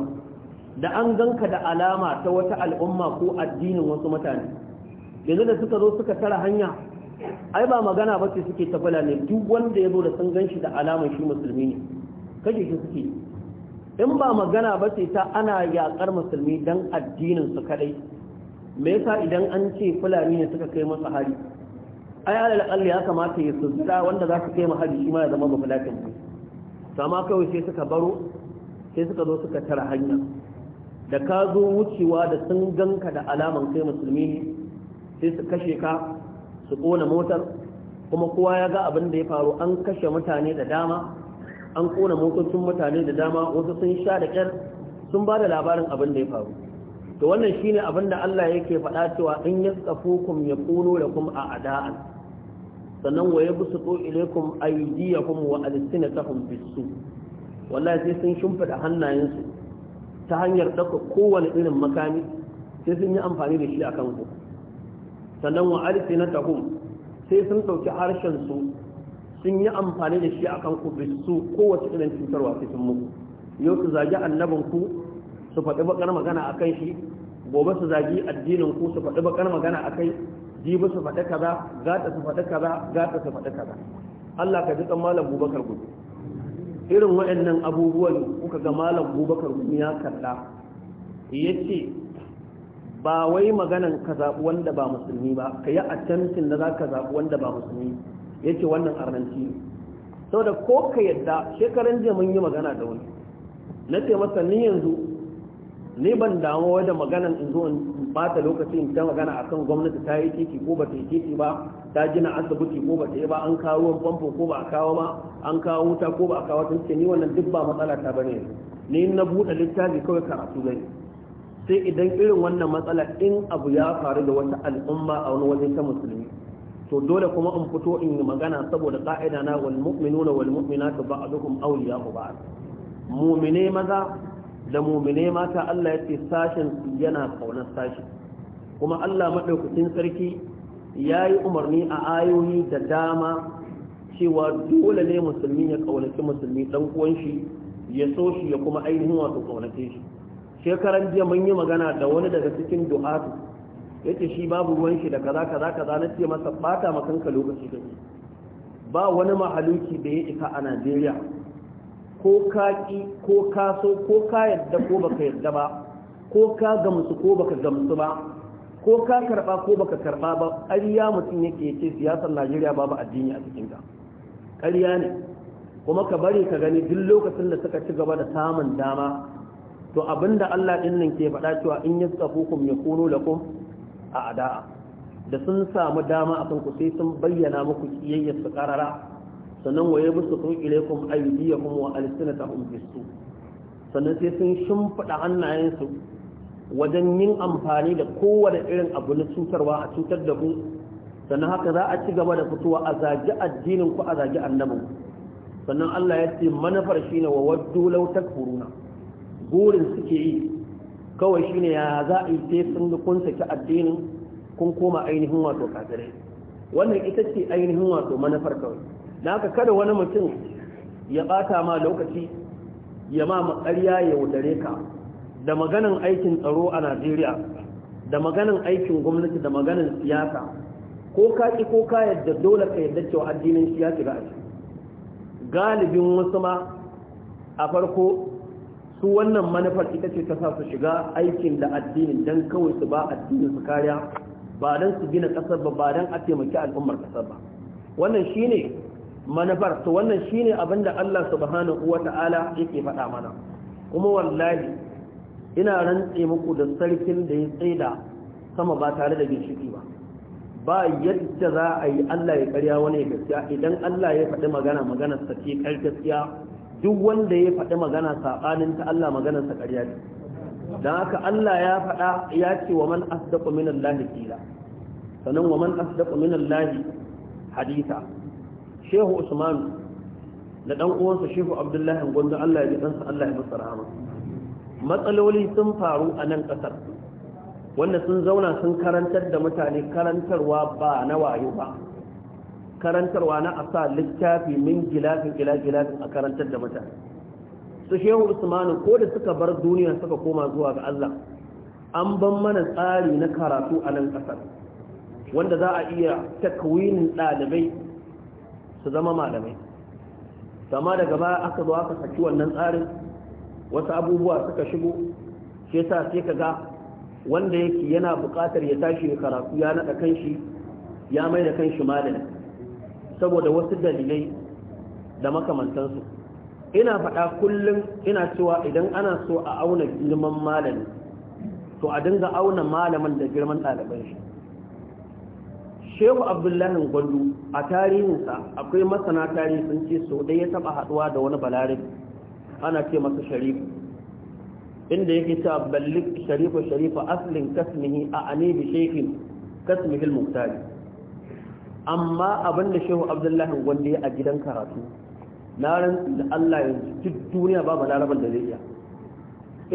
da an ganka da alama ta wata al'umma ko addinin wasu mutane yanzu da suka zo suka tara hanya ai ba magana ba ce suke ta fulani duk wanda ya zo da sun ganshi da alamar shi musulmi ne kaje shi suke in ba magana ba ce ta ana yaƙar musulmi don addinin su kadai me yasa idan an ce fulani ne suka kai masa hari ai ala al ya kamata ya sujjada wanda za su kai ma hari shi ma ya zama ba ne to kawai sai suka baro sai suka zo suka tara hanya da ka zo wucewa da sun ganka da alaman kai musulmi ne sai su kashe ka su kona motar kuma kowa ya ga abin da ya faru an kashe mutane da dama an kona motocin mutane da dama wasu sun sha da kyar sun ba da labarin abin da ya faru to wannan shine abin da Allah yake faɗa cewa in yasafukum yaqulu lakum a'da'an sannan wa yabsutu ilaykum aydiyakum wa alsinatakum bisu wallahi sai sun shimfida hannayensu ta hanyar ɗauka kowane irin makami sai sun yi amfani da shi a kanku sannan wa alsinatakum sai sun ɗauki harshen su sun yi amfani da shi a kanku bisu kowace irin cutarwa sai sun muku yau su zagi annabinku su faɗi bakar magana a kan shi gobe su zagi addinin ku su faɗi bakar magana a kai jibi su faɗi kaza gata su faɗi kaza gata su faɗi kaza Allah ka ji kan malam Bubakar gudu irin waɗannan abubuwan kuka ga malam Bubakar gudu ya kalla yace ba wai maganan ka zaɓi wanda ba musulmi ba ka yi attempting da za ka zaɓi wanda ba musulmi yace wannan arnanci ne saboda ko ka yadda shekaran jiya mun yi magana da wani na ce masa ni yanzu ni ban damuwa da maganan in zo in bata lokaci in ta magana akan gwamnati ta yi titi ko ba ta yi titi ba ta gina asibiti ko ba ta yi ba an kawo famfo ko ba a kawo ma an kawo wuta ko ba a kawo ce ni wannan duk ba matsala ta bane ni na buɗe littafi kawai karatu zai sai idan irin wannan matsala in abu ya faru da wata al'umma a wani waje ta musulmi to dole kuma in fito in yi magana saboda ka'ida na wal mu'minuna wal mu'minatu ba'duhum awliya'u ba'd mu'mine maza da mumine mata Allah ya ce sashen yana kaunar sashi kuma Allah maɗaukacin sarki ya yi umarni a ayoyi da dama cewa dole ne musulmi ya kaunaki musulmi ɗan uwan shi ya so shi ya kuma ainihin wato kaunace shi shekaran jiya mun yi magana da wani daga cikin du'atu yace shi babu ruwan shi da kaza kaza kaza na ce masa bata makanka lokaci kake ba wani mahaluki da ya isa a Najeriya ko ka ƙi ko ka so ko ka yadda ko baka yadda ba ko ka gamsu ko baka gamsu ba ko ka karba ko baka karba ba ƙarya mutum yake ce siyasar Najeriya babu addini a cikin ta ƙarya ne kuma ka bari ka gani duk lokacin da suka ci gaba da samun dama to abinda Allah din nan ke faɗa cewa in ya yasafukum yakunu lakum a ada'a da sun samu dama a kan ku sai sun bayyana muku kiyayyar su karara sannan waye wa yabsutu ilaykum aydiyakum wa alsinatakum bisu sannan sai sun shimfida hannayensu wajen yin amfani da kowane irin abu na cutarwa a cutar da ku sannan haka za a ci gaba da fitowa a zagi addinin ku a zagi annabin sannan Allah ya ce manufar shine wa waddu law takfuruna burin suke yi kawai shine ya za a yi sai sun kun saki addinin kun koma ainihin wato kafirai wannan ita ce ainihin wato manufar kawai na ka kada wani mutum ya ɓata ma lokaci ya ma makarya ya wudare ka da maganin aikin tsaro a najeriya da maganin aikin gwamnati da maganin siyasa ko ka ƙi ko ka yadda dole ka yadda cewa addinin shi ya shiga galibin wasu ma a farko su wannan manufar ita ce ta sa su shiga aikin da addinin don kawai su ba addinin su kariya ba don su gina ƙasar ba ba don a taimaki al'ummar ƙasar ba wannan shine manufar to wannan shine abin da Allah subhanahu wata'ala yake faɗa mana kuma wallahi ina rantse muku da sarkin da ya tsaida sama ba tare da ginshiki ba ba yadda za a yi Allah ya karya wani gaskiya idan Allah ya faɗi magana maganar sa ce kar gaskiya duk wanda ya faɗi magana saɓanin ta Allah maganar sa karya ne dan haka Allah ya faɗa ya ce wa man asdaqu minallahi qila sanan wa man asdaqu minallahi haditha shehu usman da dan uwansa shehu abdullahi An-Gwanzo, Allah ya ji Allah ya masa rahama matsaloli sun faru a nan kasar wanda sun zauna sun karantar da mutane karantarwa ba na wayo ba karantarwa na a sa littafi min gilafin ila gilafin a karantar da mutane su shehu usmanu ko da suka bar duniya suka koma zuwa ga Allah an ban mana tsari na karatu a nan kasar wanda za a iya takwinin ɗalibai su zama malamai amma daga baya aka zo aka saki wannan tsarin wasu abubuwa suka shigo shi yasa sai ka ga wanda yake yana buƙatar ya tashi ya karatu ya naɗa kanshi ya mai da kanshi malami saboda wasu dalilai da makamantansu ina faɗa kullum ina cewa idan ana so a auna girman malami to a dinga auna malamin da girman ɗaliban shi shehu abdullahi gwandu a tarihinsa akwai masana tarihi sun ce sau dai ya taɓa haɗuwa da wani balarin ana ce masa sharifu inda yake ta ballik sharifu sharifu asalin kasmihi a anibi shekin kasmihil muktari amma abinda shehu abdullahi gwandu ya a gidan karatu na rantsi da allah yanzu duk duniya ba balaraban da zai iya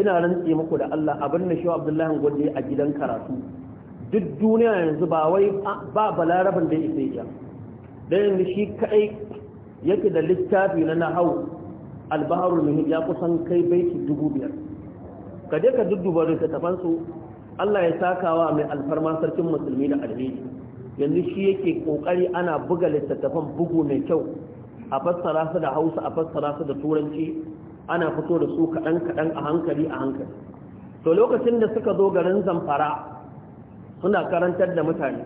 ina rantsi muku da allah abinda shehu abdullahi gwandu ya a gidan karatu duk duniya yanzu ba wai ba balarabin da isa iya da yanzu shi kaɗai yake da littafi na nahau albaharul muhim ya kusan kai baiti dubu biyar ka je ka dudduba littattafansu Allah ya sakawa mai alfarma sarkin musulmi da alheri yanzu shi yake ƙoƙari ana buga littattafan bugu mai kyau a fassara su da Hausa a fassara su da Turanci ana fito da su kaɗan kaɗan a hankali a hankali to lokacin da suka zo garin Zamfara suna karantar da mutane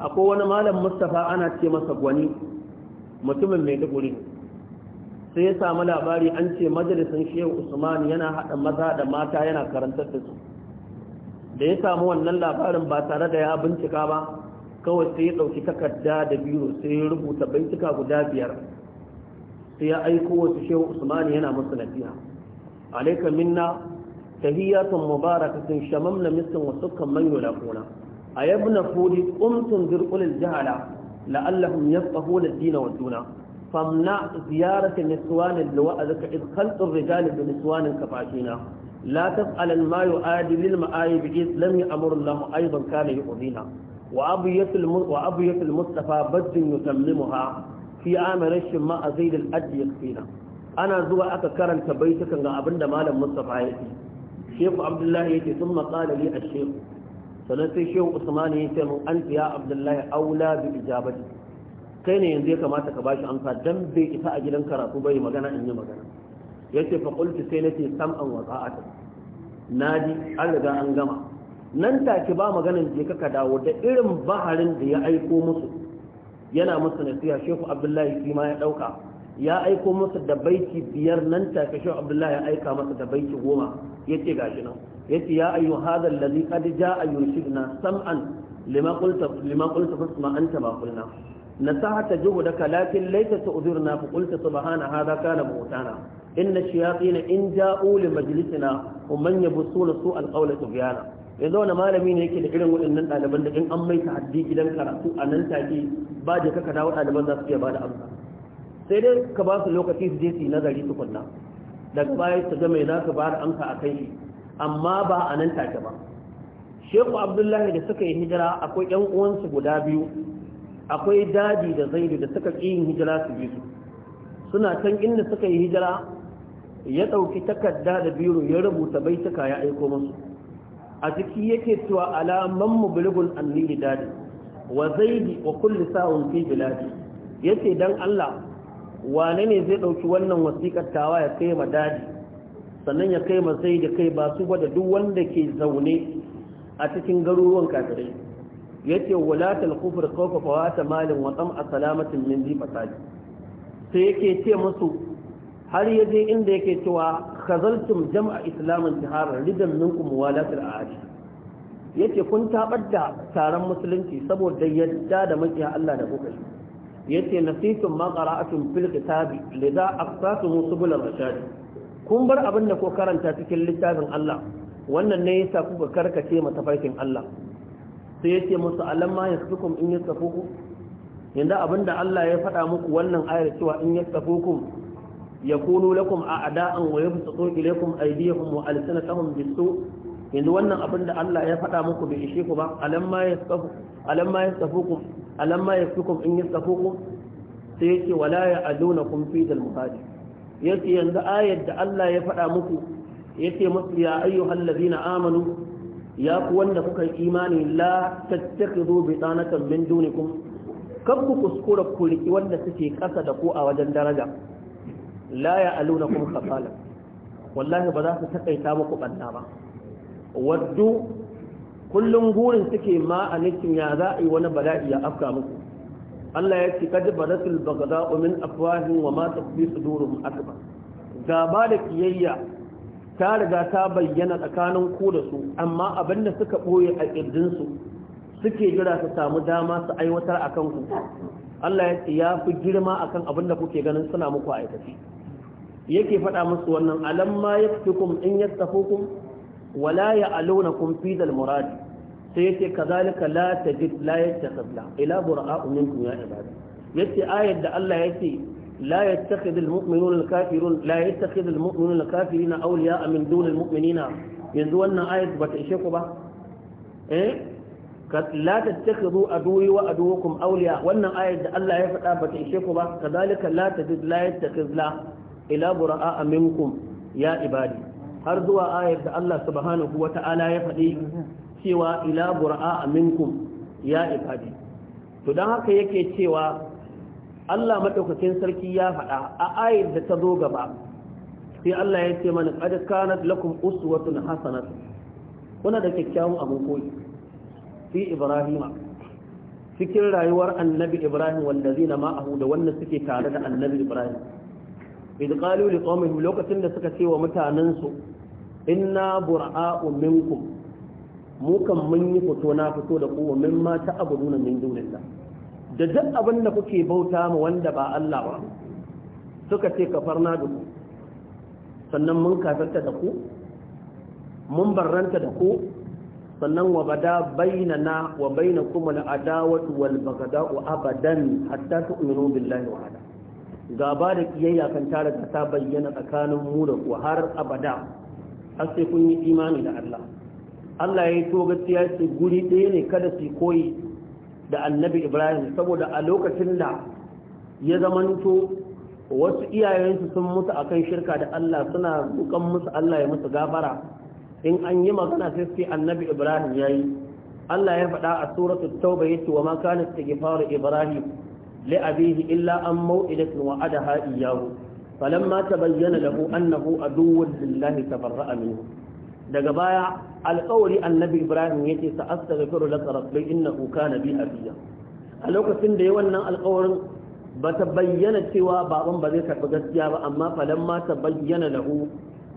akwai wani malam mustapha ana ce masa gwani mutumin mai duguri sai ya samu labari an ce majalisin shehu usman yana haɗa maza da mata yana karantar da su da ya samu wannan labarin ba tare da ya bincika ba kawai sai ya ɗauki takarda da biyu sai ya rubuta bincika guda biyar sai ya aiko wasu shehu usman yana musu nasiha alaika minna tahiyatun mubarakatun shamamna miskin wa sukkan man yulaquna ayabna fudi da dirqul jahala la'allahum yafqahuna ad-din wa duna famna ziyaratan niswan al-wa'adaka id khalq ar-rijal bi niswan kafashina la taf'al ma yu'adi lil ma'ayib id lam ya'mur Allah aidan kana yu'dina wa abiyatul wa abiyatul mustafa badun yutamlimuha fi amalash ma azid al-ajr yakfina ana zuwa aka karanta baitukan ga abinda malam Mustafa ya yi shehu abdullahi yake sun matsala ne a shehu sannan sai shehu usmani ya ce mun an ya abdullahi aula bi ijabati kai ne yanzu ya kamata ka bashi amsa dan bai isa a gidan karatu bai magana in yi magana yace fa qultu sai nace sam'an wa ta'ata naji an riga an gama nan take ba maganin je ka dawo da irin baharin da ya aiko musu yana musu nasiha shehu abdullahi shi ma ya dauka ya aiko masa da baiti biyar nan take shi abdullahi ya aika masa da baiti goma yace gashi nan yace ya ayyu hadha allazi qad jaa yurshidna sam'an lima qulta lima qulta fasma anta ma qulna nasahata juhudaka lakin laita tu'dhirna fa qulta subhana hadha kana mu'tana inna shayatin in ja'u li majlisina hum man yabsuna su al-qawla tubyana yanzu wani malami ne yake da irin waɗannan ɗaliban da in an mai ta haddi gidan karatu a nan take ba je ka dawo ɗaliban za su iya ba da amsa sai dai ka ba su lokaci su je su yi nazari tukunna daga baya su ga mai zasu ba da amsa a kai amma ba a nan take ba sheku abdullahi da suka yi hijira akwai yan uwansu guda biyu akwai dadi da zaidu da suka ƙi yin hijira su bi su suna can inda suka yi hijira ya ɗauki takarda da biro ya rubuta baitaka ya aiko musu a ciki yake cewa alaman mubulgun annili dadi wa zaidi wa kulli sa'un fi biladi yace dan Allah wane ne zai ɗauki wannan wasiƙar tawa ya kai ma daji sannan ya kai ma sai da kai ba su ba da duk wanda ke zaune a cikin garuruwan kafirai yace walatul kufr kawfa fawata malin wa tam salamatin min zi fasadi sai yake ce musu har ya je inda yake cewa khazaltum jam'a islamin jihar ridan minkum walatul Ya yace kun tabar da taron musulunci saboda yadda da makiya Allah da kuka yace nasitum ma qara'atum fil kitabi lidha aqsatuhu subul rashad kun bar abin da ko karanta cikin littafin Allah wannan ne yasa kuka karkace matafarkin Allah sai yace musu alamma yasfukum in yasafuku yanda abinda Allah ya faɗa muku wannan ayar cewa in yasafukum yakunu lakum a'da'an wa yabsutu ilaykum aydiyahum wa alsanatahum bis-su' yanzu wannan abin da Allah ya faɗa muku bai ishe ku ba alamma yastafu alamma yastafukum alamma ku in yastafukum sai yake wala ya adunakum fi dal muhadi yace yanzu ayat da Allah ya faɗa muku ce musu ya ayyuhal na amanu ya ku wanda kuka imani la tattakhidhu bi tanatan min dunikum kan ku kuskura ku riki wanda suke kasa da ku a wajen daraja la ya alunakum khasala wallahi ba za su taƙaita muku banna ba waddu kullum gurin suke ma a nufin ya za a yi wani bala'i ya afka muku Allah ya ce kaji baratul bagada min afwahin wa ma tafi sudurum akbar gaba da kiyayya ta riga ta bayyana tsakanin ku da su amma abinda suka boye a kirjin su suke jira su samu dama su aiwatar akan ku Allah ya ce ya fi girma akan abinda kuke ganin suna muku aikaci yake faɗa musu wannan alamma yaktukum in kuma? wala ya alona kun fi da murad sai yace kazalika la tajid la yattakhidha ila bur'a min dunya ibad yace ayat da Allah yace la yattakhid al mu'minun al kafirun la yattakhid al mu'minun min dun mu'minina yanzu wannan ayat bata ishe ku ba eh la tattakhidhu aduwi wa aduwakum awliya wannan ayat da Allah ya faɗa bata ishe ku ba kazalika la tajid la yattakhidha ila bur'a minkum ya ibadi har zuwa ayar da Allah subhanahu wa ta'ala ya faɗi cewa ila bura'a minkum ya ifadi to don haka yake cewa Allah maɗaukakin sarki ya faɗa a ayar da ta zo gaba sai Allah ya ce mana qad kanat lakum uswatun hasanatun kuna da kyakkyawan abin koyi fi ibrahima cikin rayuwar annabi ibrahim wallazina ma'ahu da wannan suke tare da annabi ibrahim idh qalu liqaumihim lokacin da suka ce wa mutanen su inna bura'u minkum mu kan mun yi fito na fito da ku min ma ta abuduna min dunillah da duk kuke bauta mu wanda ba Allah ba suka ce da ku sannan mun kafarta da ku mun barranta da ku sannan wa bada bainana wa bainakum al-adawatu wal baghda'u abadan hatta tu'minu billahi wahda gaba da kiyayya kan tare da ta bayyana tsakanin mu da ku har abada har sai kun yi imani da Allah Allah ya yi to gaskiya ce guri ɗaya ne kada su koyi da annabi Ibrahim saboda a lokacin da ya zamanto wasu iyayensu sun mutu akan shirka da Allah suna roƙon musu Allah ya musu gafara in an yi magana sai sai annabi Ibrahim yayi Allah ya faɗa a suratul tauba yace wa ma kana istighfaru Ibrahim لأبيه إلا أن موئلة وعدها إياه فلما تبين له أنه أدو لله تبرأ منه daga baya alƙawari annabi ibrahim ya ce sa'astaghfiru laka rabbi innahu kana bi abiya a lokacin da ya wannan alƙawarin ba ta bayyana cewa baban ba zai karɓi gaskiya ba amma falamma ta bayyana lahu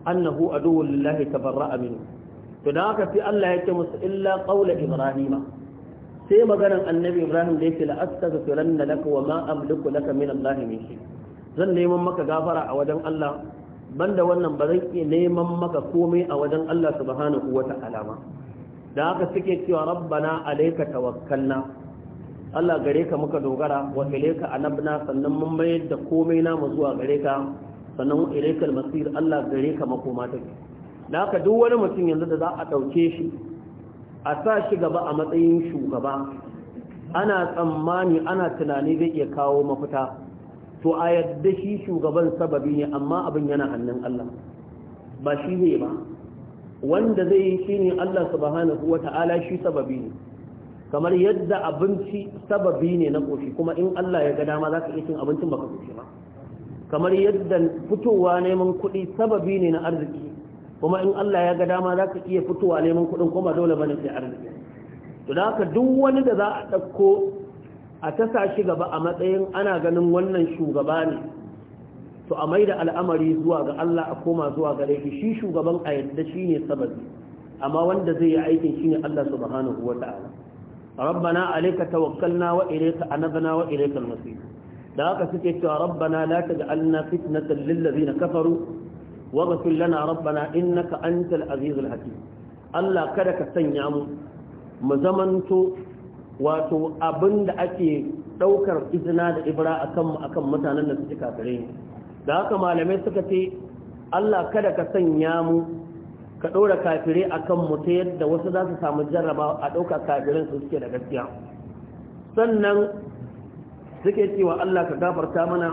annahu aduwwu lillahi tabarra'a minhu to dan haka sai Allah ya ce musu illa qawla ibrahima sai maganan annabi ibrahim da yake la astaghfiranna laka wa ma amliku laka min allahi min shi zan neman maka gafara a wajen allah banda wannan ba zan iya neman maka komai a wajen allah subhanahu wa ta'ala ma da haka suke cewa rabbana alayka tawakkalna Allah gare ka muka dogara wa ilayka anabna sannan mun mayar da komai namu zuwa gare ka sannan wa ilaykal masir Allah gare ka makoma take da haka duk wani mutum yanzu da za a dauke shi a sa shi gaba a matsayin shugaba ana tsammani ana tunani zai iya kawo mafita to a yadda shi shugaban sababi ne amma abin yana hannun Allah ba shi ne ba wanda zai yi shi ne Allah subhanahu wa ta'ala shi sababi ne kamar yadda abinci sababi ne na koshi kuma in Allah ya ga dama za ka iya cin abincin baka koshi ba kamar yadda fitowa neman kuɗi sababi ne na arziki kuma in Allah ya ga dama za ka iya fitowa neman kuɗin kuma dole bane sai arziki to da haka duk wani da za a ɗauko a tasa shi gaba a matsayin ana ganin wannan shugaba ne to a maida al'amari zuwa ga Allah a koma zuwa ga laifi shi shugaban a yadda shi ne sababi amma wanda zai yi aikin shi ne Allah subhanahu wa ta'ala rabbana alayka tawakkalna wa ilayka anabna wa ilayka al-masir da haka suke cewa rabbana la taj'alna fitnatan lil ladina kafaru waghfir lana rabbana innaka antal azizul hakim Allah kada ka sanya mu mu zamanto wato abinda ake ɗaukar izina da ibra akan mu akan mutanen da suke kafire da haka malamai suka ce Allah kada ka sanya mu ka ɗora kafire a kan mu ta yadda wasu za su samu jarraba a ɗauka kafirin su suke da gaskiya sannan suke cewa Allah ka gafarta mana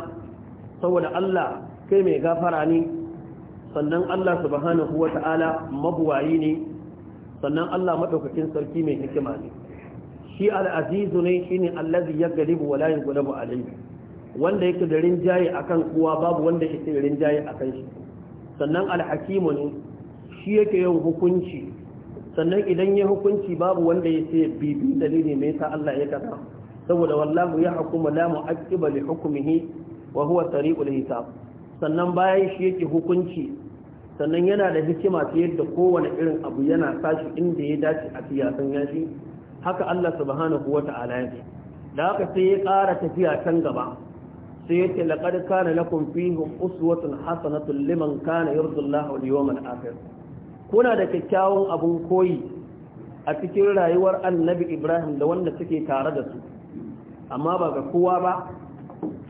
saboda Allah kai mai gafara ne sannan Allah subhanahu wa ta'ala mabuwayi ne sannan Allah maɗaukakin sarki mai hikima ne shi al'azizu ne shi ne allazi ya wala wa layin gulabu alayhi wanda yake da rinjaye akan kowa babu wanda yake da rinjaye akan shi sannan alhakimu ne shi yake yin hukunci sannan idan ya hukunci babu wanda ya ce bibi dalili mai sa Allah ya kasa saboda wallahu ya hukuma la mu'aqqiba li hukmihi wa huwa tariqul hisab sannan bayan shi yake hukunci sannan yana da hikima ta yadda kowane irin abu yana sashi inda ya dace a siyasan yashi haka Allah subhanahu wa ta'ala ya ce da haka sai ya ƙara tafiya can gaba sai ya ce laqad kana lakum fihim uswatun hasanatun liman kana yarju Allah yawmal akhir kuna da kyakkyawan abun koyi a cikin rayuwar Annabi Ibrahim da wanda suke tare da su amma ba ga kowa ba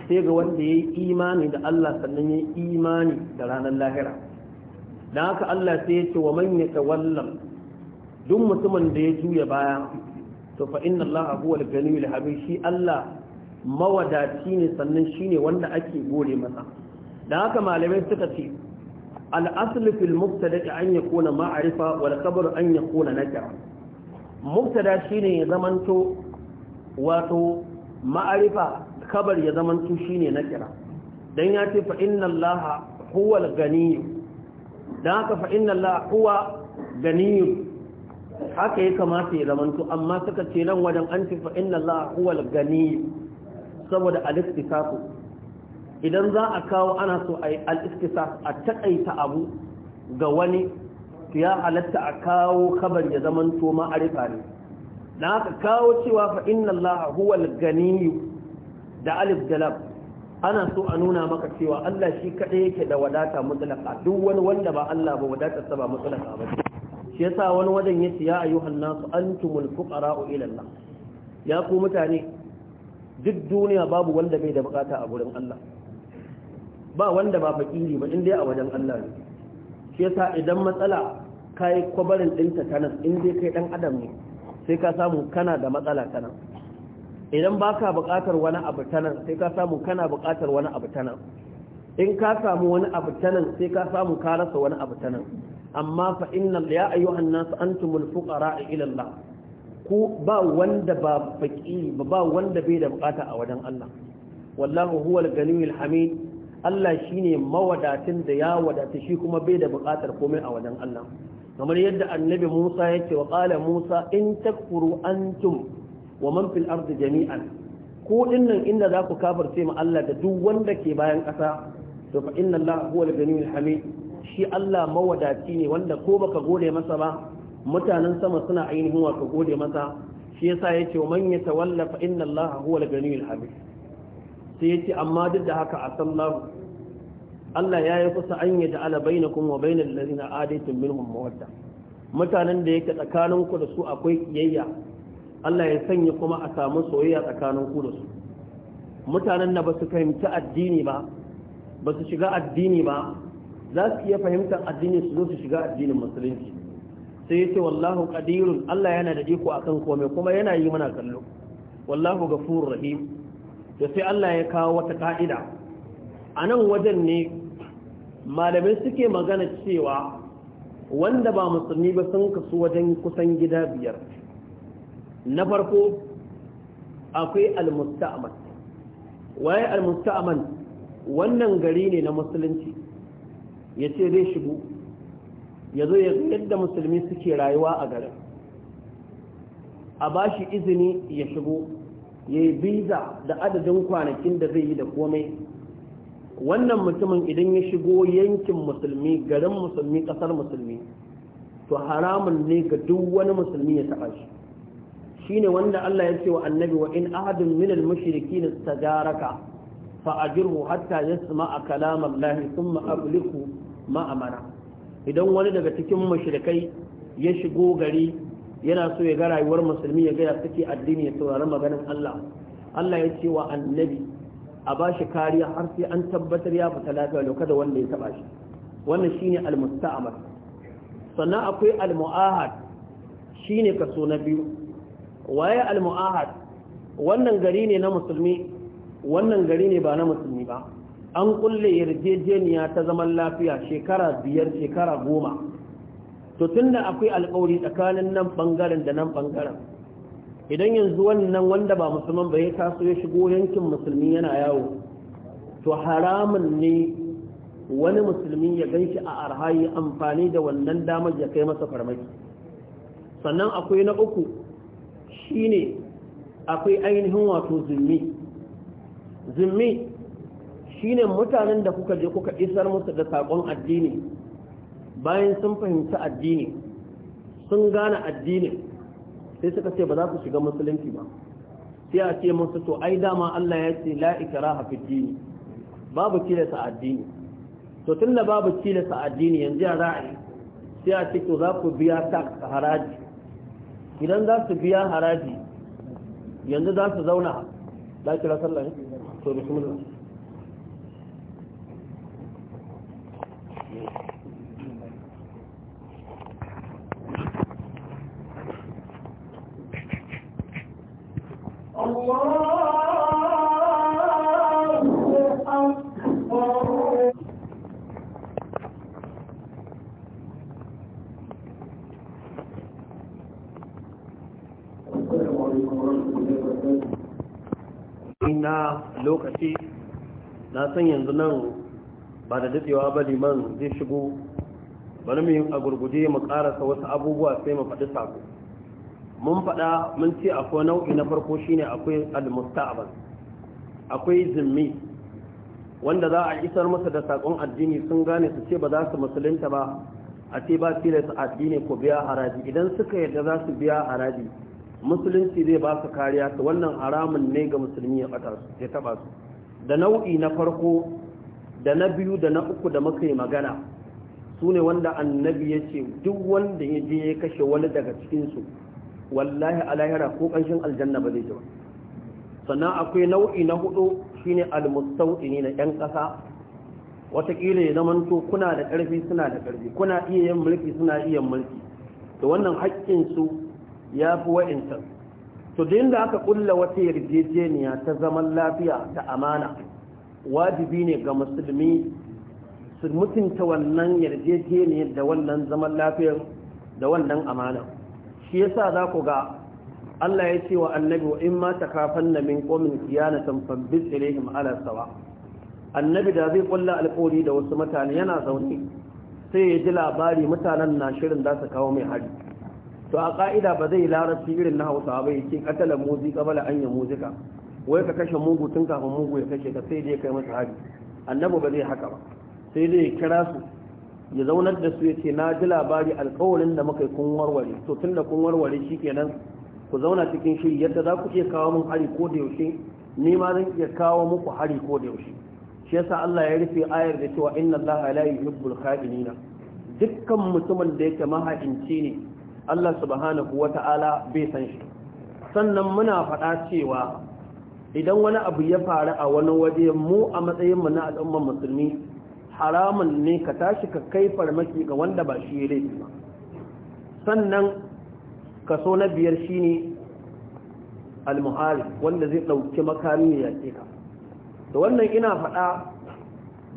sai ga wanda yayi imani da Allah sannan yi imani da ranar lahira dan haka Allah sai ya ce wa man yatawallam duk mutumin da ya juya baya to fa inna Allah huwa al-ganiyyu al shi Allah mawadaci ne sannan shi ne wanda ake gore masa Da haka malamai suka ce al-asl fil mubtada an yakuna ma'arifa wal khabar an yakuna nakira mubtada shine ya zamanto wato ma'arifa kabar ya zamanto shine nakira dan ya ce fa inna Allah huwa al-ganiyyu don haka fa Allah haka ya kamata ya zamanto amma suka ce nan wajen an ce fa Allah saboda al idan za a kawo ana so a yi al a taƙaita abu ga wani ya halatta a kawo kabar ya zamanto ma'arifa ne don haka kawo cewa fa Allah da alif da ana so a nuna maka cewa Allah shi kaɗai yake da wadata mutlaka duk wani wanda ba Allah ba wadatarsa sa ba mutlaka ba shi yasa wani wajen yace ya ayyuhan nasu antumul fuqara'u ila Allah ya ku mutane duk duniya babu wanda bai da bukata a gurin Allah ba wanda ba fakiri ba indai a wajen Allah ne shi yasa idan matsala kai kwabarin dinta ta indai kai dan adam ne sai ka samu kana da matsala kana idan baka buƙatar wani abu tanan sai ka samu kana buƙatar wani abu tanan in ka samu wani abu tanan sai ka samu ka rasa wani abu tanan amma fa innal ya ayyuhan nas antumul fuqara ila Allah ku ba wanda ba ba wanda bai da buƙata a wajen Allah wallahu huwal ganiyul hamid Allah shine mawadatin da ya wadata shi kuma bai da buƙatar komai a wajen Allah kamar yadda annabi Musa yake wa qala Musa in takfuru antum wa man fil ardi jami'an ko dinnan inda za ku kafirce mu Allah da duk wanda ke bayan ƙasa to fa inna Allah huwa al-ghaniyyul hamid shi Allah mawadaci ne wanda ko baka gode masa ba mutanen sama suna ainihin ka gode masa shi yasa yace wa man yatawalla fa inna Allah huwa al-ghaniyyul hamid sai yace amma duk da haka asallahu Allah ya yi kusa an yi ja'ala bainakum wa bainal ladina adaytum minhum mawadda mutanen da yake tsakaninku da su akwai kiyayya Allah ya sanya kuma a samu soyayya tsakanin ku da su mutanen da ba su fahimci addini ba ba su shiga addini ba za su iya fahimtar addini su zo su shiga addinin musulunci sai ya ce wallahu qadirun Allah yana da iko akan komai kuma yana yi mana kallo wallahu ghafurur rahim to sai Allah ya kawo wata ka'ida a nan wajen ne malamai suke magana cewa wanda ba musulmi ba sun kasu wajen kusan gida biyar na farko akwai al-musta'man waye al-musta'man wannan gari ne na musulunci yace zai shigo yazo yadda musulmi suke rayuwa a garin a bashi izini ya shigo yayi biza da adadin kwanakin da zai yi da komai wannan mutumin idan ya shigo yankin musulmi garin musulmi kasar musulmi to haramun ne ga duk wani musulmi ya taɓa shi shine wanda Allah ya ce wa annabi wa in ahadun min al-mushrikin istajaraka fa ajirhu hatta yasma'a kalam Allah thumma ablighu ma amana idan wani daga cikin mushrikai ya shigo gari yana so ya ga rayuwar musulmi ya ga ya suke addini ya saurari maganin Allah Allah ya ce wa annabi a bashi kariya har sai an tabbatar ya fita lafiya lokacin da wanda ya taba shi wannan shine al-musta'amar sannan akwai al-mu'ahad shine kaso na biyu waye al-mu'ahad wannan gari ne na musulmi wannan gari ne ba na musulmi ba an kulle yarjejeniya ta zaman lafiya shekara biyar shekara goma to tunda akwai alƙawari tsakanin nan bangaren da nan bangaren idan yanzu wannan wanda ba musulman ba ya taso ya shigo yankin musulmi yana yawo to haramun ne wani musulmi ya gan shi a arhayi amfani da wannan damar ya kai masa farmaki sannan akwai na uku shine akwai ainihin wato zulmi zulmi shine mutanen da kuka je kuka isar musu da sakon addini bayan sun fahimci addini sun gane addini sai suka ce ba za su shiga musulunci ba sai a ce musu to ai dama Allah ya ce la ikraha fi dini babu tilasa addini to tunda babu tilasa addini yanzu ya za a yi sai a ce to za ku biya ta haraji idan za su biya haraji yanzu za su zauna da kira sallah ne to bismillah na san yanzu nan ba da dadewa ba liman zai shigo bari mu a gurguje mu karasa wasu abubuwa sai mu faɗi sako mun faɗa mun ce akwai nau'i na farko shine akwai al-musta'bal akwai zimmi wanda za a isar masa da sakon addini sun gane su ce ba za su musulunta ba a ce ba su addini ko biya haraji idan suka yarda za su biya haraji musulunci zai ba su kariya su, wannan haramun ne ga musulmi ya bata su da nau'i na farko da na biyu da na uku da muka yi magana su ne wanda annabi ya ce duk wanda ya je ya kashe wani daga cikinsu wallahi lahira ko ƙanshin aljanna ba zai ji ba sannan akwai nau'i na hudu shine ne na 'yan ƙasa watakila ya zamanto kuna da ƙarfi suna da ƙarfi kuna iya yin mulki suna iya mulki da wannan haƙƙinsu ya fi wa'insan to da aka kulla wata yarjejeniya ta zaman lafiya ta amana wajibi ne ga musulmi su mutunta wannan yarjejeniyar da wannan zaman lafiyar da wannan amana shi yasa za ku ga Allah ya ce wa annabi wa in ma takafanna min qawmin qiyanatan fabbis ilaihim ala sawa annabi da zai kulla alƙawari da wasu mutane yana zaune sai ya ji labari mutanen na shirin za su kawo mai hari to a ka'ida ba zai larabci irin na hausa ba yake katalan muzi kabala an ya muzika wai ka kashe mugu tun kafin mugu ya kashe ka sai dai kai masa hari annabi ba zai haka ba sai dai kira su ya zaunar da su ya ce na ji labari alkawarin da muka kun warware to tun da kun warware nan, ku zauna cikin shiri yadda za ku iya kawo mun hari ko da yaushe ni ma zan iya kawo muku hari ko da yaushe shi yasa Allah ya rufe ayar da cewa inna Allah la yuhibbul kha'inina dukkan mutumin da yake maha'inci ne Allah subhanahu ta'ala bai san shi sannan muna faɗa cewa idan wani abu ya faru a wani waje mu a matsayin mu na al'ummar musulmi haramun ne ka tashi ka kai farmaki ga wanda ba shi ya ba sannan kaso na biyar shine al muhari wanda zai ɗauki makami ya yake ka da wannan ina faɗa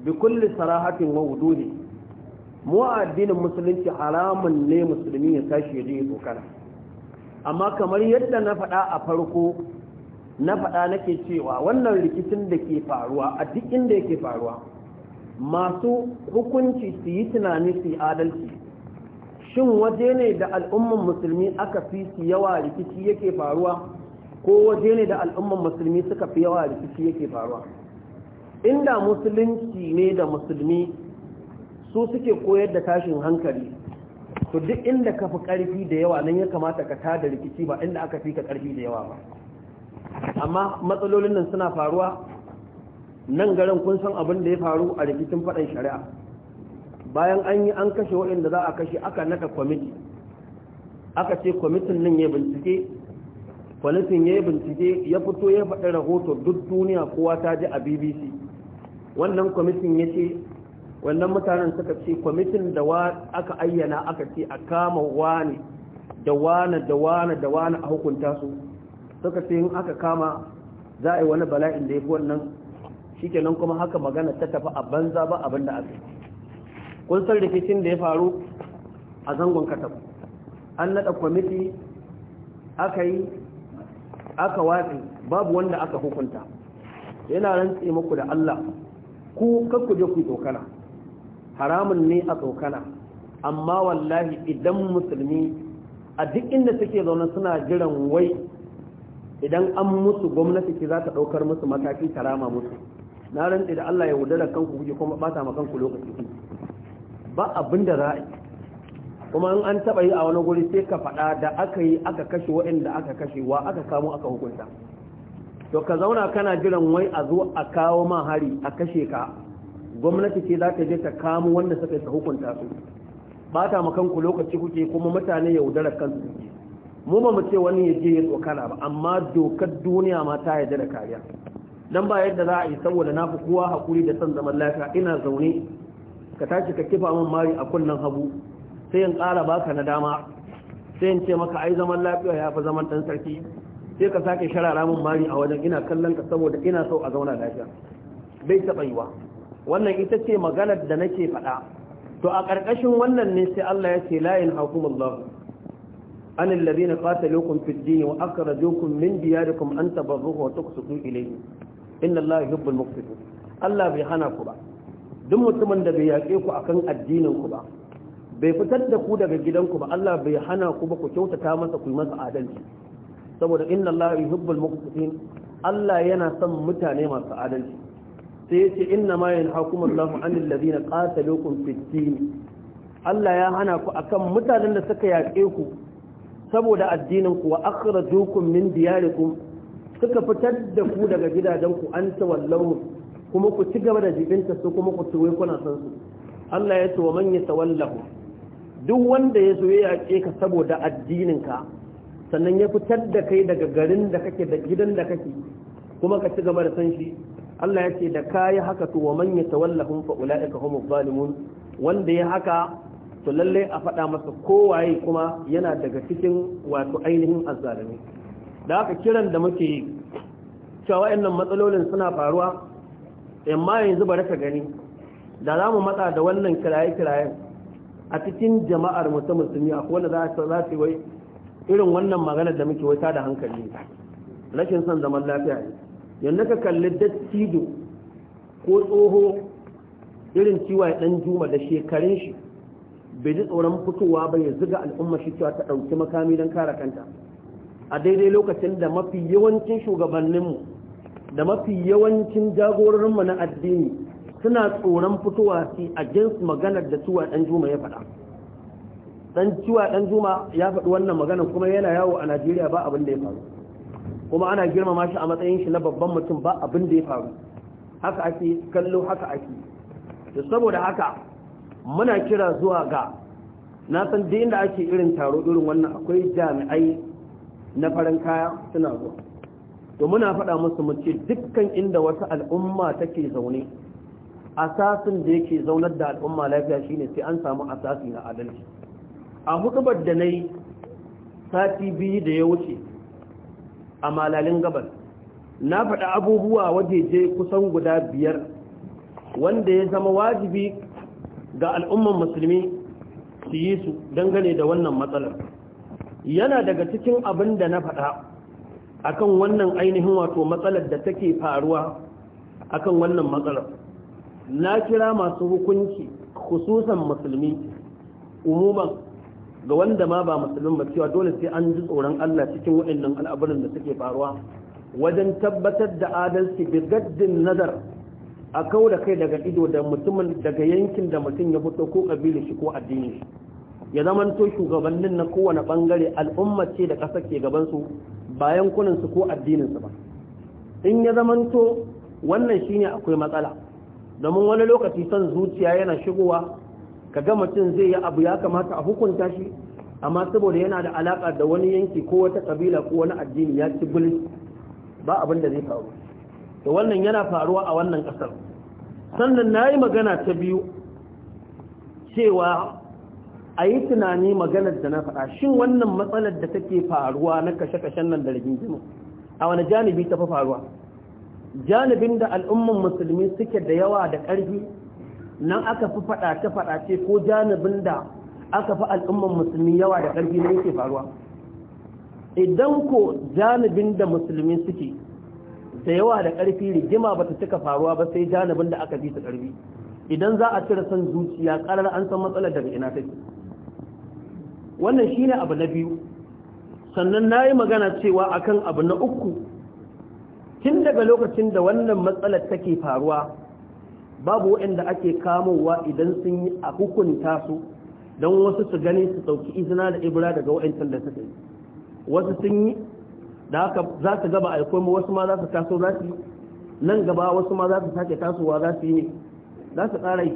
bi kulli sarahatin wa wuduhi mu a addinin musulunci haramun ne musulmi ya tashi ya je amma kamar yadda na faɗa a farko na faɗa nake cewa wannan rikicin da ke faruwa a duk inda yake faruwa masu hukunci su yi tunani su yi adalci shin waje ne da al'umman musulmi aka fi su yawa rikici yake faruwa ko waje ne da al'umman musulmi suka fi yawa rikici yake faruwa inda musulunci ne da musulmi su suke koyar da tashin hankali to duk inda ka fi ƙarfi da yawa nan ya kamata ka ta da rikici ba inda aka fi ka ƙarfi da yawa ba amma matsalolin nan suna faruwa nan garin kun san abin da ya faru a rikicin faɗin shari'a bayan an yi an kashe waɗanda za a kashe aka naka kwamiti aka ce kwamitin nan ya bincike kwamitin ya bincike ya fito ya faɗi rahoto duk duniya kowa ta ji a bbc wannan kwamitin ya ce wannan mutanen suka ce kwamitin da aka ayyana aka ce a kama wani da wani da wani da wani a hukunta su suka ce in aka kama za a yi wani bala'in da ya fi wannan nan kuma haka magana ta tafi a banza ba abin da aka yi kun san rikicin da ya faru a zangon katab an naɗa kwamiti aka yi aka watsi babu wanda aka hukunta yana rantse muku da Allah ku kakku je ku tokana haramun ne a tsokana amma wallahi idan musulmi a duk inda suke zaune suna jiran wai idan an musu gwamnati ke za ta ɗaukar musu mataki ta rama musu na rantse da Allah ya wudara kanku kuke kuma ɓata ma kanku lokaci ba abin da za a yi kuma in an taɓa yi a wani guri sai ka faɗa da aka yi aka kashe waɗanda aka kashe wa aka kamo aka hukunta to ka zauna kana jiran wai a zo a kawo ma hari a kashe ka gwamnati ce za ta je ta kamo wanda suka ta hukunta su ba ta ku lokaci kuke kuma mutane ya wudara kansu suke mu ba mu ce wani ya je ya tsokana ba amma dokar duniya ma ta yarda da kariya dan ba yadda za a yi saboda na fi kowa hakuri da son zaman lafiya ina zaune ka tashi ka kifa min mari a kunnen Habu sai in kara baka na dama sai in ce maka ai zaman lafiya ya fi zaman ɗan sarki sai ka sake sharara min mari a wajen ina kallon ka saboda ina so a zauna lafiya bai taɓa yiwa wannan ita ce maganar da nake faɗa to a ƙarƙashin wannan ne sai Allah ya ce layin hakumullahu an alladhina qataluukum fid din wa akhrajuukum min diyarikum an tabarruhu wa tuqsitu ilayhi inna Allaha yuhibbul muqsitin Allah bai hana ku ba duk mutumin da bai yaƙe ku akan addinin ku ba bai fitar da ku daga gidanku ba Allah bai hana ku ba ku kyautata masa ku yi masa adalci saboda inna Allah yuhibbul muqsitin Allah yana son mutane masu adalci sai ya ce inna ma yin hakumar lafi anil lazi na ƙasalokun fitini Allah ya hana ku akan mutanen da suka yaƙe ku saboda addinin ku wa akhra jukun min diyarikum suka fitar da ku daga gidajen ku an wallahu kuma ku ci gaba da jibinta su kuma ku tuwe kuna san su Allah ya ce wa man yatawallahu duk wanda ya zo ya yaƙe ka saboda addinin ka sannan ya fitar da kai daga garin da kake da gidan da kake kuma ka ci gaba da san shi Allah ya ce da kayi haka to wa man yatawallahum fa ulaika humuz zalimun wanda ya haka to lalle a faɗa masa kowaye kuma yana daga cikin wato ainihin azzalimi da haka kiran da muke yi cewa wayannan matsalolin suna faruwa amma yanzu bare ka gani da za mu matsa da wannan kiraye-kirayen a cikin jama'ar mu ta musulmi a wanda za ta za wai irin wannan magana da muke wata da hankali rashin son zaman lafiya ne yanzu ka kalli dattijo ko tsoho irin ciwa ya dan juma da shekarun shi bai ji tsoron fitowa ba ya ziga al'umma shi cewa ta ɗauki makami don kara kanta a daidai lokacin da mafi yawancin shugabanninmu da mafi yawancin jagororinmu na addini suna tsoron fitowa su a jinsu maganar da ciwa ɗan juma ya faɗa ɗan ciwa ɗan juma ya faɗi wannan maganar kuma yana yawo a najeriya ba abin da ya faru kuma ana girmama shi a matsayin shi na babban mutum ba abin da ya faru haka ake kallo haka ake da saboda haka muna kira zuwa ga na san dai inda ake irin taro irin wannan akwai jami'ai na farin kaya suna zuwa to muna faɗa musu mu ce dukkan inda wata al'umma take zaune asasin da yake zaunar da al'umma lafiya shine sai an samu asasi na adalci a hudubar da na yi sati biyu da ya wuce a malalin gabas na faɗa abubuwa wajeje kusan guda biyar wanda ya zama wajibi ga al'ummar musulmi su yi su dangane da wannan matsalar yana daga cikin abin da na faɗa akan wannan ainihin wato matsalar da take faruwa akan wannan matsalar na kira masu hukunci khususan musulmi umuman ga wanda ma ba musulmin ba cewa dole sai an ji tsoron Allah cikin waɗannan al'amuran da suke faruwa wajen tabbatar da adalci bi gaddin nazar a kau da kai daga ido da mutumin daga yankin da mutum ya fito ko kabilar shi ko addinin shi ya zamanto shugabannin na kowane bangare al'umma ce da ƙasa ke gabansu ba su ko addininsu ba in ya zamanto wannan shine akwai matsala domin wani lokaci son zuciya yana shigowa Ka ga mutum zai yi abu ya kamata a hukunta shi amma saboda yana da alaka da wani yanki ko wata kabila ko wani addini ya ci bulis ba abin da zai faru to wannan yana faruwa a wannan kasar sannan na yi magana ta biyu cewa a yi tunani maganar da na faɗa shin wannan matsalar da take faruwa na kashe-kashen nan da rigingimu a wani janibi ta fi faruwa janibin da al'umman musulmi suke da yawa da ƙarfi nan aka fi faɗace-faɗace ko janibin da aka fi al'umman musulmi yawa da ƙarfi na yake faruwa idan ko janibin da musulmi suke da yawa da ƙarfi rigima ba ta cika faruwa ba sai janibin da aka fi su ƙarfi idan za a cire son zuciya ƙarar an san matsalar daga ina take wannan shine abu na biyu sannan na yi magana cewa akan abu na uku tun daga lokacin da wannan matsalar take faruwa babu waɗanda ake kamowa idan sun yi a hukunta su don wasu su gani su sauki izina da ibra daga waɗancan da suka yi wasu sun yi da haka za su gaba a kuma wasu ma za su taso za su yi nan gaba wasu ma za su sake tasowa za su yi ne za su ƙara yi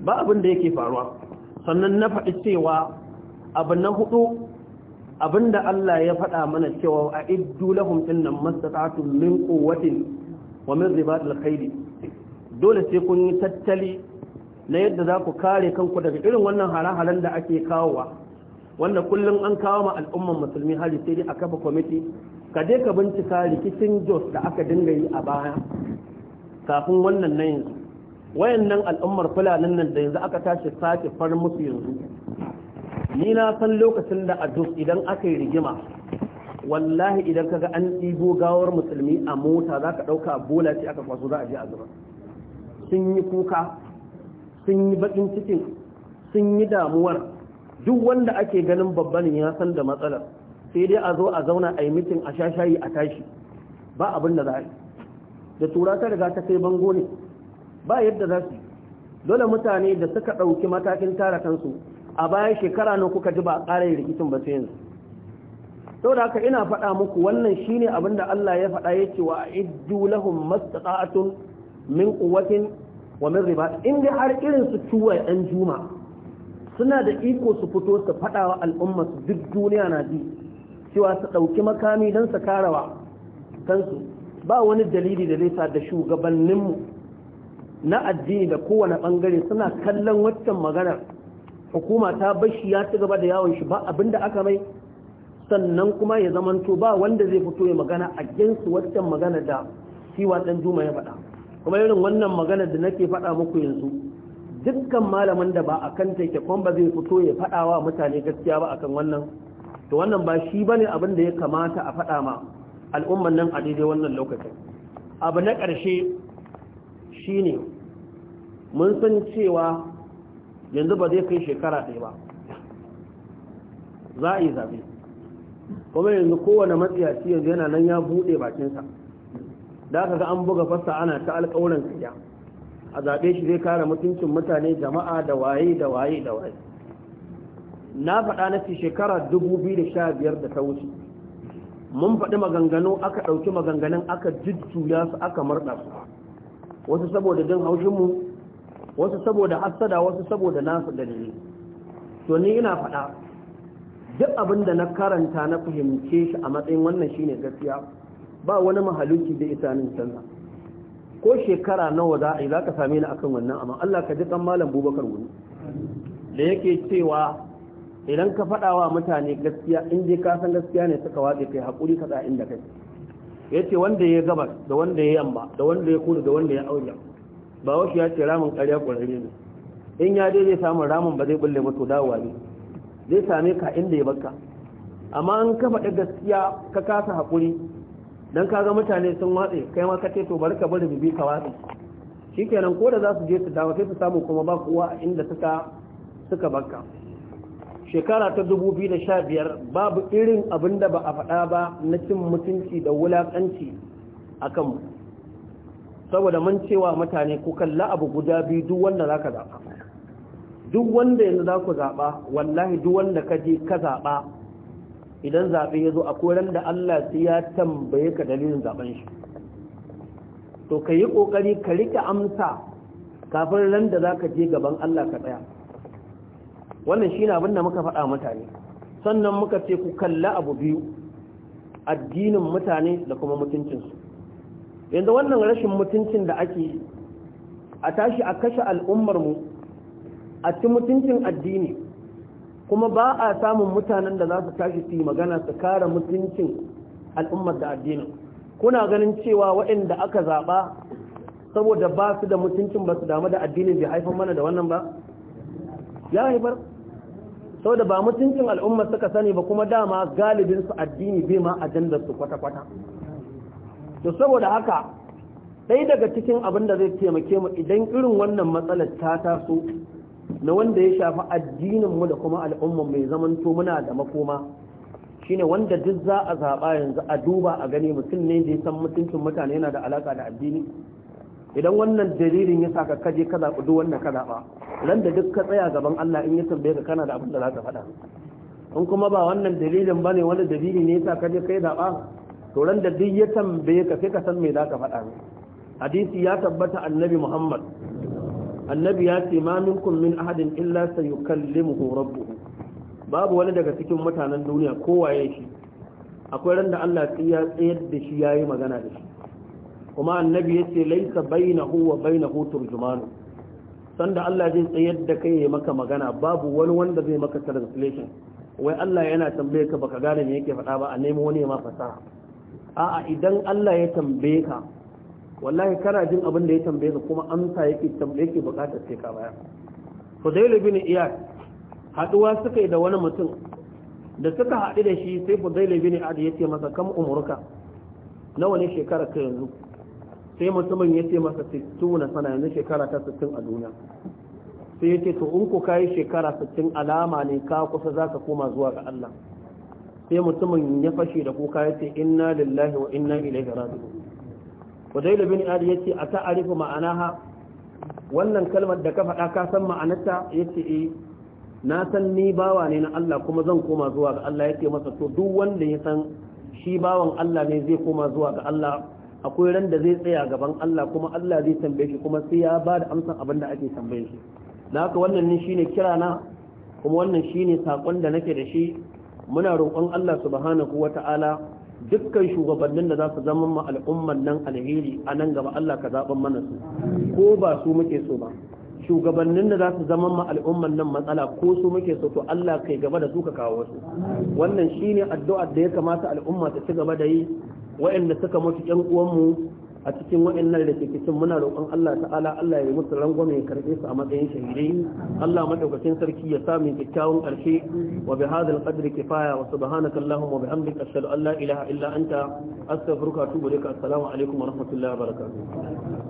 ba abin da yake faruwa sannan na faɗi cewa abu na hudu abin da Allah ya faɗa mana cewa a iddu lahum innan mastata'atu min quwwatin wa min ribatil khayl dole sai kun yi tattali na yadda za ku kare kanku daga irin wannan hare-haren da ake kawowa wanda kullum an kawo ma al'umman musulmi hari sai dai a kafa kwamiti ka je ka bincika rikicin jos da aka dinga yi a baya kafin wannan na yanzu wayannan al'ummar fulanin nan da yanzu aka tashi sake far musu yanzu ni na san lokacin da a jos idan aka yi rigima wallahi idan kaga an ɗigo gawar musulmi a mota za ka ɗauka bola ce aka kwaso za a je a zuba sun yi kuka sun yi bakin cikin sun yi damuwar duk wanda ake ganin babban ya san da matsalar sai dai a zo a zauna a yi mitin a shashayi a tashi ba abin da za yi da tura ta riga ta kai bango ne ba yadda za su dole mutane da suka ɗauki matakin tara kansu a bayan shekara na kuka ji ba a yi rikicin ba sai yanzu sau da haka ina faɗa muku wannan shine abin da Allah ya faɗa ya ce wa iddu lahum mastata'atun min quwwatin wa min riba in da har irin su tuwa ɗan juma suna da iko su fito su faɗawa wa al'umma su duk duniya na ji cewa su ɗauki makami don su karawa kansu ba wani dalili da zai sa da shugabanninmu na addini da kowane bangare suna kallon waccan maganar hukuma ta bashi ya ci gaba da yawon shi ba abinda aka mai sannan kuma ya zamanto ba wanda zai fito ya magana a gensu waccan magana da shi watsan juma ya faɗa kuma irin wannan magana da nake faɗa muku yanzu dukkan malamin da ba a kan take kwan ba zai fito ya faɗa wa mutane gaskiya ba akan wannan to wannan ba shi bane abin da ya kamata a faɗa ma al'umman nan a daidai wannan lokacin abu na ƙarshe shine mun san cewa yanzu ba zai kai shekara ɗaya ba za a yi zaɓe kuma yanzu kowane matsiyaci yanzu yana nan ya buɗe bakinsa da aka ga an buga fasa ana ta alƙawuran siya a zaɓe shi zai kare mutuncin mutane jama'a da waye da waye da waye na faɗa na fi shekara 2015 da ta wuce mun faɗi maganganu aka ɗauki maganganun aka jujjuya su aka murɗa su wasu saboda jin haushinmu wasu saboda hassada wasu saboda nasu dalili to ni ina faɗa duk abin da na karanta na fahimce shi a matsayin wannan shine gaskiya ba wani mahaluki da isa nan sanna ko shekara nawa za a yi za ka same ni akan wannan amma Allah ka ji kan malam bubakar wuri da yake cewa idan ka faɗa wa mutane gaskiya in je ka san gaskiya ne suka watsa kai haƙuri ka tsaya inda kai ya ce wanda ya gabas da wanda ya yamma da wanda ya kudu da wanda ya auya ba wasu ya ce ramin ƙarya ƙwararre ne in ya dai zai samun ramin ba zai bulle mutu dawowa ne zai same ka inda ya baka amma an ka faɗi gaskiya ka kasa haƙuri dan kaga mutane sun watse kai ma ce to bari ka bari bibi ka watse shikenan ko da za su je su dawo sai su samu kuma ba kowa inda suka suka barka shekara ta 2015 babu irin abin da ba a faɗa ba na cin mutunci da wulakanci akan mu saboda mun cewa mutane ku kalla abu guda biyu duk wanda zaka zaba duk wanda yanzu za ku zaɓa wallahi duk wanda ka je ka zaɓa idan zaɓe ya zo a koran da Allah su ya tambaye ka dalilin zaɓen shi to ka yi ƙoƙari ka rike amsa kafin ran da za ka je gaban Allah ka tsaya wannan shi na abin da muka faɗa mutane sannan muka ce ku kalla abu biyu addinin mutane da kuma mutuncinsu yanzu wannan rashin mutuncin da ake a tashi a kashe al'ummarmu a ci mutuncin addini kuma ba a samun mutanen da za su tashi su yi magana su kare mutuncin al'ummar da addinin kuna ganin cewa waɗanda aka zaɓa saboda ba su da mutuncin ba su damu da addinin bai haifar mana da wannan ba ya haifar saboda ba mutuncin al'ummar suka sani ba kuma dama galibin su addini bai ma ajandar su kwata-kwata to saboda haka ɗaya daga cikin abin da zai taimake mu idan irin wannan matsalar ta taso na wanda ya shafi addininmu da kuma al'umman mai to muna da makoma shine wanda duk za a zaɓa yanzu a duba a gani mutum ne da ya san mutuncin mutane yana da alaƙa da addini idan wannan dalilin ya saka kaje ka zaɓi duk wannan ka zaɓa ran da duk ka tsaya gaban Allah in ya tambaye ka kana da abin da za ka faɗa in kuma ba wannan dalilin ba ne wani dalili ne ya sa kaje kai zaɓa to ran da duk ya tambaye ka sai ka san me za ka faɗa hadisi ya tabbata annabi Muhammad annabi ya ce ma minkum min ahadin illa sayukallimuhu rabbuhu babu wani daga cikin mutanen duniya kowaye shi akwai randa Allah ya tsayar da shi yayi magana da shi kuma annabi ya ce laisa bainahu wa bainahu turjumanu sanda Allah zai tsayar da kai ya maka magana babu wani wanda zai maka translation wai Allah yana tambaye ka baka gane me yake faɗa ba a nemo wani ya ma fasaha a'a idan Allah ya tambaye ka wallahi kana jin abin da ya tambaye ka kuma amsa yake tambaye ke bukatar sai ka baya fudail ibn Iyad haduwa suka yi da wani mutum da suka haɗu da shi sai fudail ibn Iyad ya ce masa kam umurka nawa ne shekara ka yanzu sai mutumin ya ce masa 60 sana yanzu shekara ta 60 a duniya sai ya ce to in ku kai shekara 60 alama ne ka kusa zaka koma zuwa ga Allah sai mutumin ya fashe da kuka ya ce inna lillahi wa inna ilaihi raji'un Fudailu bin Ali yace a ma'ana ma'anaha wannan kalmar da ka faɗa ka san ma'anarta yace eh na san ni bawa ne na Allah kuma zan koma zuwa ga Allah ce masa to duk wanda ya san shi bawan Allah ne zai koma zuwa ga Allah akwai ran da zai tsaya gaban Allah kuma Allah zai tambaye shi kuma sai ya ba da amsar abin da ake tambaye shi na haka wannan ne shine kira na kuma wannan shine sakon da nake da shi muna roƙon Allah subhanahu wata'ala dukkan shugabannin da za su zama ma al'umman nan alheri a nan gaba Allah ka zaɓan mana su ko ba su muke so ba shugabannin da za su zama ma al'umman nan matsala ko su muke so to Allah kai gaba da su ka kawo su wannan shine addu'ar da ya kamata al'umma ta ci gaba da yi wa'anda suka mutu ƴan uwanmu a cikin waɗannan rikicin muna roƙon Allah ta'ala Allah ya yi musu rangwame ya karɓe su a matsayin shahidai Allah madaukakin sarki ya sa kyakkyawan ƙarshe wa bi hadal qadri kifaya wa subhanaka allahumma wa bihamdika ashhadu an la ilaha illa anta astaghfiruka wa atubu ilaik assalamu alaikum wa rahmatullahi wa barakatuh